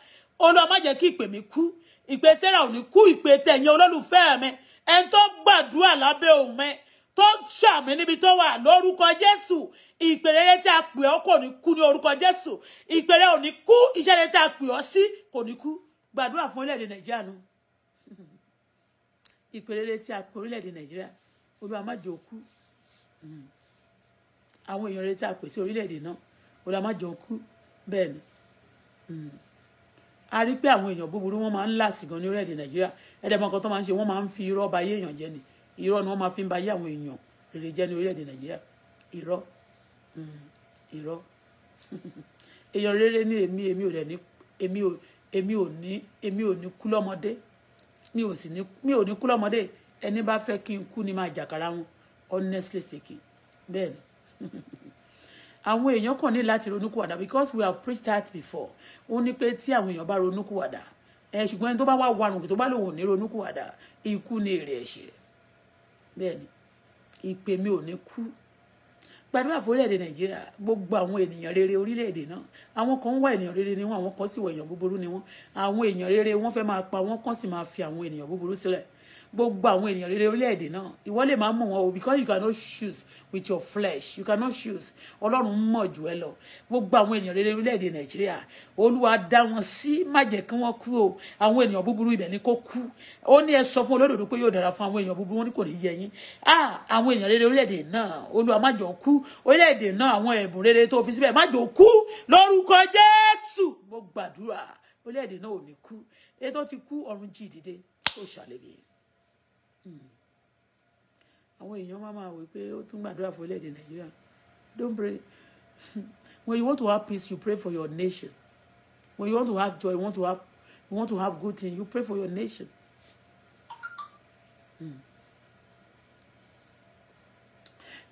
Olúwa má jẹ́ kí mi kú ìpè Sarah oni ní kú ìpè tẹ̀yin olólùfẹ́ mi ẹni tó gbàdúrà lábẹ́ òun mi tó ṣàmì níbi tó wà lórúkọ Jésù ìpè rere tí a pè ọ́ kò ní kú ní orúkọ Jésù ìpè rere ò ní kú iṣẹ́ rere tí a pè ọ́ sí kò ní kú gbàdúrà fún orílẹ̀-èdè Nigeria nù ìpè rere tí a pè orílẹ̀-èdè Nàìjíríà olúwa má jẹ́ òkú hmm. àwọn èèyàn rẹ tí a pèsè orílẹ̀-èdè náà olúwa má jẹ́ òkú bẹ́ẹ̀ ni hmm. a rí pé àwọn èèyàn búburú wọn máa ń láàsì gan ní orílẹ̀-èdè nàìjíríà ẹ̀dẹ̀ mọ̀ nǹkan tó máa ń ṣe wọ́n máa ń fi irọ́ ba ayé èèyàn jẹ́ ni irọ́ ni wọ́n máa fi ń ba ayé àwọn èèyàn rere jẹ́ ní orílẹ̀-èdè nàìjíríà irọ́ hmm. irọ́ èèyàn rere ni èmi èmi ò ní èmi ò ní èmi ò ní kú lọ́mọdé mi ò sì ní mi ò ní kú lọ́mọdé ẹni bá fẹ́ kí n kú ni máa jàkàrà wọn honestly speaking Then, ni àwọn èèyàn kàn ní láti ronúkúwàdà because we have preached that before ó ní pé tí àwọn èèyàn bá ronúkúwàdà ẹ ṣùgbọ́n ẹni tó bá wà warùn kì tó bá lòun ò ní ronúkúwàdà ikú ni èrè ẹ̀ṣẹ̀ bẹ́ẹ̀ ìpè mi ò ní kú gbàdúrà fórílẹ̀-èdè nàìjíríà gbogbo àwọn ènìyàn rere orílẹ̀-èdè náà àwọn kan wà ènìyàn rere ni wọn àwọn kan sì wà èèyàn búburú ni wọn àwọn èèyàn rere wọn fẹ́ máa pa wọn kàn sì máa fi àwọn ènìyàn búburú sílẹ̀ gbogbo àwọn ènìyàn rere orílẹ̀-èdè náà ìwọ lè máa mọ̀ wọn o because you cannot choose with your flesh you cannot choose ọlọ́run mọ̀ jù ẹ lọ gbogbo àwọn ènìyàn rere orílẹ̀-èdè nàìjíríà olúwa dá wọn sí má jẹ́ kí wọ́n kú o àwọn ènìyàn búburú ibẹ̀ ni kó kú ó ní ẹ sọ fún olódodo pé yóò dára fún àwọn ènìyàn búburú wọn ní kò ní yẹ yín ah àwọn ènìyàn rere orílẹ̀-èdè náà olúwa má jọ kú orílẹ̀-èdè náà àwọn ẹ̀bùn rere tó fi síbẹ̀ má jọ kú lórúkọ jésù mo gbàdúrà orílẹ̀-èdè náà ò ní kú ètò ti kú ọ̀run jí ìdìde ó ṣàlẹ́yìn Hmm. àwọn èèyàn máa máa wí pé ó tún gbàdúrà fún orílẹ̀-èdè nàìjíríà don't pray when you want to have peace you pray for your nation when you want to have joy you want to have you want to have good thing you pray for your nation. Mm.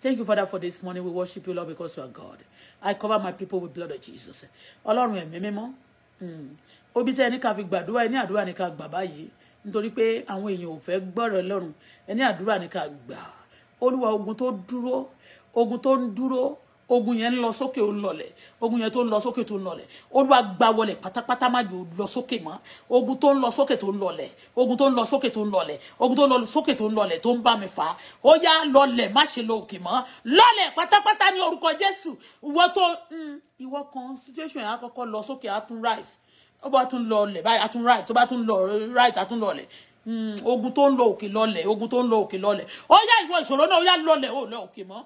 Thank you, Father, for this morning. We worship you, Lord, because you are God. I cover my people with blood of Jesus. Ọlọ́run ẹ̀mí mímọ́. Hmm. Obi tẹ́ ẹni ká fi gbàdúrà ẹni àdúrà ni ká gbà báyìí nítorí pé àwọn èèyàn ò fẹ́ gbọ́rọ̀ Ọlọ́run ẹni àdúrà ní ká gbà olúwa ogun tó dúró ogun tó ń dúró ogun yẹn ń lọ sókè ó ń lọlẹ̀ ogun yẹn tó ń lọ sókè tó ń lọlẹ̀ olúwa gbà wọlẹ̀ pátápátá má yóò lọ sókè mọ́ ogun tó ń lọ sókè tó ń lọlẹ̀ ogun tó ń lọ sókè tó ń lọlẹ̀ ogun tó ń lọ sókè tó ń lọlẹ̀ tó ń bá mi fà á ó yá lọlẹ̀ má ṣe lọ òkè mọ́ lọlẹ̀ pátápátá ní orúkọ jésù ìwọ tó ìwọ kan situation yẹn á kọ́kọ́ lọ sókè á tún rise ó bá tún lọ ọlẹ̀ báyìí àtún right tó bá tún lọ right àtún lọ ọlẹ̀ ogun tó ń lọ òkè lọlẹ̀ ogun tó ń lọ òkè lọlẹ̀ ó yá ìwọ ìṣòro náà ó yá lọlẹ̀ ó lọ òkè mọ́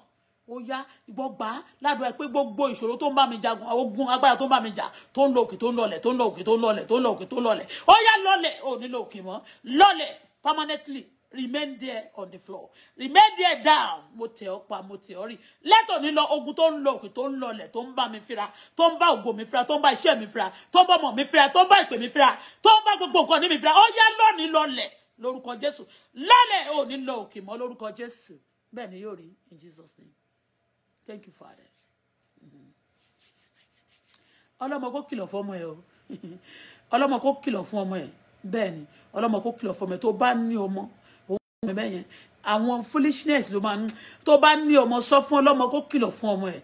ó yá ìgbọ́ gbà á ládùúgbà pé gbogbo ìṣòro tó ń bá mi jagun ogun agbára tó ń bá mi jà tó ń lọ òkè tó ń lọlẹ̀ tó ń lọ òkè tó ń lọlẹ̀ tó ń lọ òkè tó ń lọlẹ̀ ó yá lọlẹ̀ ó nílò òkè mọ́ lọlẹ̀ permanently remain there on the floor remain there down mo tẹ̀ ọ́ pa mo tẹ̀ ọ́ rì lẹ́tọ̀ ní lọ ogun tó ń lọ òkè tó ń lọlẹ̀ tó ń bá mi fira tó ń bá ògo mi fira tó ń bá iṣẹ́ mi fira tó ń bá ọmọ mi fira tó ń bá ìpè mi fira tó ń gbogbo nǹkan ní mi fira ó yá lónìí lọlẹ̀ lórúkọ Jésù lálẹ́ ò ní lọ òkè mọ́ lórúkọ Jésù bẹ́ẹ̀ ni yóò in Jesus name thank you Father mm-hmm. ọlọ́mọ kó kìlọ̀ fún ọmọ ẹ o ọlọ́mọ kó kìlọ̀ fún ọmọ ẹ bẹ́ẹ̀ ni ọlọ́mọ kó kìlọ̀ ẹ tó bá ní ọmọ mi bẹ́ẹ̀ yẹn àwọn foolishness ló máa ń tó bá ní ọmọ sọ fún ọlọ́mọ kó kìlọ̀ fún ọmọ ẹ̀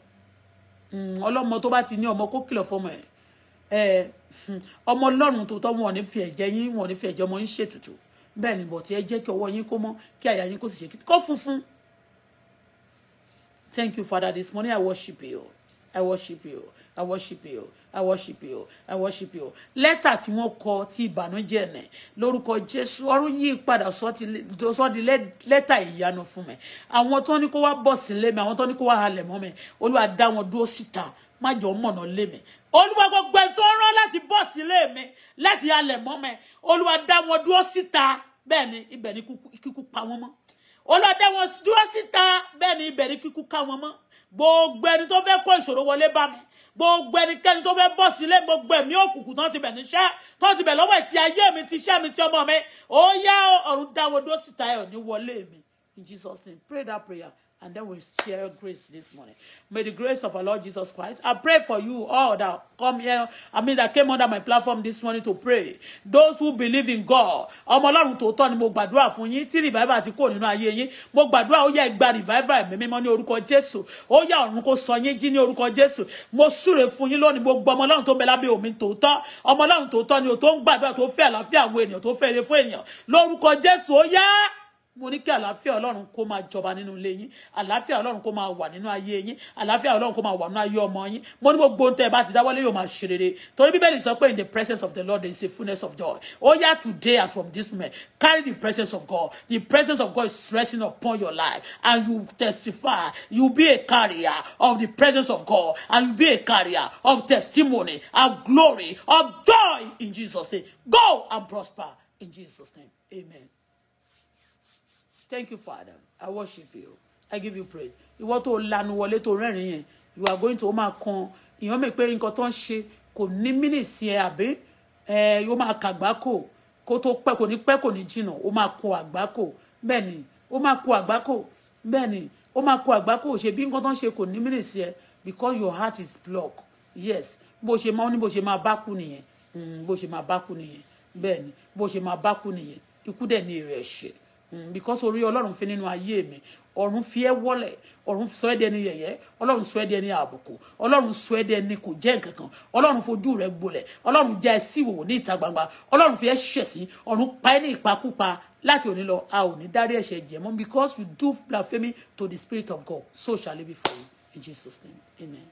hmm, ọlọ́mọ tó bá ti ní ọmọ kó kìlọ̀ fún ọmọ ẹ̀ ọmọ ọlọ́run tó tọ́ wọn ò ní fi ẹ̀jẹ̀ yín wọn ní fi ẹ̀jẹ̀ ọmọ yín ṣètùtù bẹ́ẹ̀ ni bọ̀ tí ẹ jẹ́ kí ọwọ́ yín kó mọ́ kí àyà yín kó sì ṣe kó funfun. Thank you, Father. This morning I worship you. I worship you. I worship you. I worship you. I worship you. Lẹ́tà tí wọ́n kọ ti ìbànújẹ́ nẹ̀ lórúkọ Jésù ọ̀run yí padà sọ di lẹ́tà ìyanu fún mi. Àwọn tó ní kó wá bọ̀ sílé mi, àwọn tó ní kó wá halẹ̀ mọ́ mi, Olúwa dá wọn dúró síta má jọ mọ̀nà lé mi olúwa gbogbo ẹni tó rán láti bọ̀ sílé mi láti halẹ̀ mọ́ mi olúwa dá wọn dúró síta bẹ́ẹ̀ ni ibẹ̀ ni kíkú pa wọn mọ́ olúwa dá wọn dúró síta bẹ́ẹ̀ ni ibẹ̀ ni kíkú ká wọn mọ́ gbogbo ẹni tó fẹ́ kó ìṣòro wọlé bá mi gbogbo ẹnikẹ́ni tó fẹ́ bọ́ sílé gbogbo ẹ̀mí òkùnkùn tán ti bẹ̀ níṣẹ́ tán ti bẹ̀ lọ́wọ́ ẹ̀ ti ayé mi ti iṣẹ́ mi ti ọmọ mi ó yá ọ̀run dáwọ́dó ẹ̀ ò wọlé mi in Jesus name pray that prayer and then we share grace this morning. May the grace of our Lord Jesus Christ. I pray for you all that come here. I mean, that came under my platform this morning to pray. Those who believe in God. Ọmọ Ọlọ́run tòótọ́ ni mo gbàdúrà fún yín tí revival àti kò nínú ayé yín. Mo gbàdúrà ó yá ẹ revival ẹ̀mí mímọ́ ní orúkọ Jésù. Ó yá ọ̀run kó sọ yín jí ní orúkọ Jésù. Mo súre fún yín lónìí gbogbo ọmọ Ọlọ́run tó bẹ lábẹ́ omi tòótọ́. Ọmọ Ọlọ́run tòótọ́ ni o tó ń gbàdúrà tó fẹ́ àlàáfíà àwọn ènìyàn tó fẹ́ ire fún ènìyàn. Lórúkọ Jésù ó yá mo ní kí àlàáfíà ọlọ́run kó máa jọba nínú ilé yín àlàáfíà ọlọ́run kó máa wà nínú ayé yín àlàáfíà ọlọ́run kó máa wà nínú ayé ọmọ yín mo ní gbogbo ohun tẹ́ ẹ bá ti dáwọ́lé yóò máa ṣe rere torí bíbélì sọ pé in the presence of the lord there is a fullness of joy ó oh yá today as from this moment carry the presence of god the presence of god is resting upon your life and you testify you be a carrier of the presence of god and you be a carrier of testimony of glory of joy in jesus name go and prosper in jesus name amen thank you father i worship you i give you praise ìwọ tó lanu wọlé tó rẹ́rìn yẹn you are going to ó máa kan ìyàn mi pé nǹkan tó ń ṣe kò ní mínísì ẹ àbí ẹ ó máa kà àgbákò kó tó pẹ́ kò ní pẹ́ kò ní jìnnà ó máa kó àgbákò bẹ́ẹ̀ ni ó máa kó àgbákò bẹ́ẹ̀ ni ó máa kó àgbákò ṣe bí nǹkan tó ń ṣe kò ní mínísì ẹ because your heart is blocked yes bó ṣe máa ń ní bó ṣe máa bá kú nìyẹn mm, bó ṣe máa bá kú nìyẹn bẹ́ẹ̀ ni bó ṣe máa bá kú nìyẹn ikú dẹ̀ ní èrè Mm, because orí ọlọ́run fi nínú ayé mi ọ̀run fi ẹ́ wọ́lẹ̀ ọ̀run sọ ẹ́ dẹni yẹ̀yẹ́ ọlọ́run sọ ẹ́ dẹni àbùkù ọlọ́run sọ ẹ́ dẹni kò jẹ́ nǹkan kan ọlọ́run fojú rẹ̀ gbolẹ̀ ọlọ́run já ẹ sí ìwòwò ní ìta gbangba ọlọ́run fi ẹ́ ṣẹ̀ sí ọ̀run pa ẹ́ ní ìpakúpa láti òní lọ a ò ní dárí ẹ̀ṣẹ̀ jẹ̀ mọ́ because you do blasphemy to the spirit of God so shall it be for you in Jesus name amen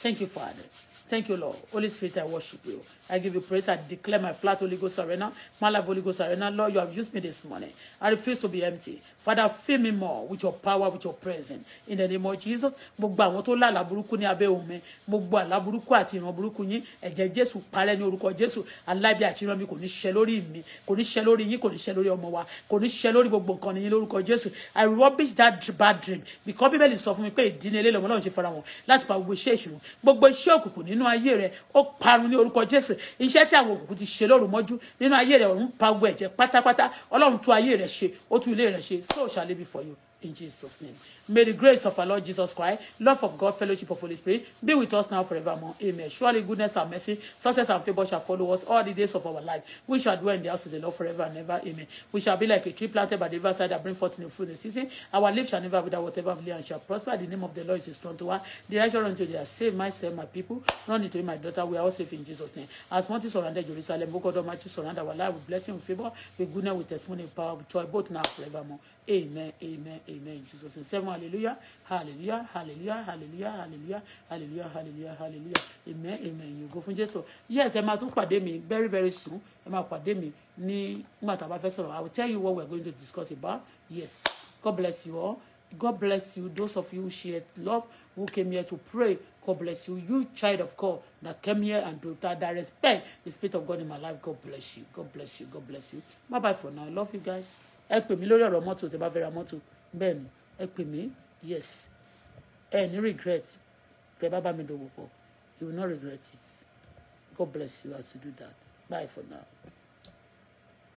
thank you father. Thank you, Lord. Holy Spirit, I worship you. I give you praise. I declare my flat Holy Ghost arena, my life Holy Ghost arena. Lord, you have used me this morning. I refuse to be empty. Father, fill me more with your power, with your presence. In the name of Jesus, gbogbo àwọn tó lálàá burúkú ní abẹ́ òun gbogbo àlá burúkú àti ìran burúkú yín ẹ̀jẹ̀ Jésù parẹ́ ní orúkọ Jésù alábí àti ìran mi kò ní ṣẹ lórí mi kò ní ṣẹ lórí yín kò ní ṣẹ lórí ọmọ wa kò ní ṣẹ lórí gbogbo nǹkan nìyí lórúkọ Jésù I rubbish that bad dream because bíbélì sọ fún mi pé ìdíni ilé lọ́mọ náà ṣe fara wọn láti pa gbogbo iṣẹ́ ìṣòro gbogbo iṣẹ́ òkùnkùn nínú ayé rẹ ó parun ní orúkọ Jésù iṣẹ́ tí àwọn òkùnkùn ti ṣe lóru mọ́jú nínú ayé ṣe so shall it be for you in Jesus' name. May the grace of our Lord Jesus Christ, love of God, fellowship of Holy Spirit be with us now forevermore. Amen. Surely goodness and mercy, success and favor shall follow us all the days of our life. We shall dwell in the house of the Lord forever and ever. Amen. We shall be like a tree planted by the riverside that bring forth new fruit in the season. Our leaf shall never wither, whatever we and shall prosper. The name of the Lord is a strong us. The righteous unto thee save myself, my people. Not into my daughter. We are all safe in Jesus' name. As mountains surrounded Jerusalem, O God Almighty, surround our life with blessing, with favor, with goodness, with testimony, with power, with joy, both now forevermore. Amen. Amen. Amen. In Jesus' name hallelujah hallelujah hallelujah hallelujah hallelujah hallelujah hallelujah hallelujah amen amen You go fún jésù yes ẹ máa tún pàdé mi very very soon ẹ máa pàdé mi ní nígbà tá a bá fẹ́ sọ̀rọ̀ i will tell you what we are going to discuss about yes god bless you all. God bless you. Those of you who shared love, who came here to pray, God bless you. You child of God that came here and do that, that respect the spirit of God in my life. God bless you. God bless you. God bless you. Bye bye for now. I love you guys. Ẹ pè mí lórí ọ̀rọ̀ mọ́tò tẹ́ bá fẹ́ ra mọ́tò. Bẹ́ẹ̀ni ẹ pè mí yes ẹ ní regret pé bàbá mi dòwò pọ̀ you will not regret it God bless you as you do that bye for now.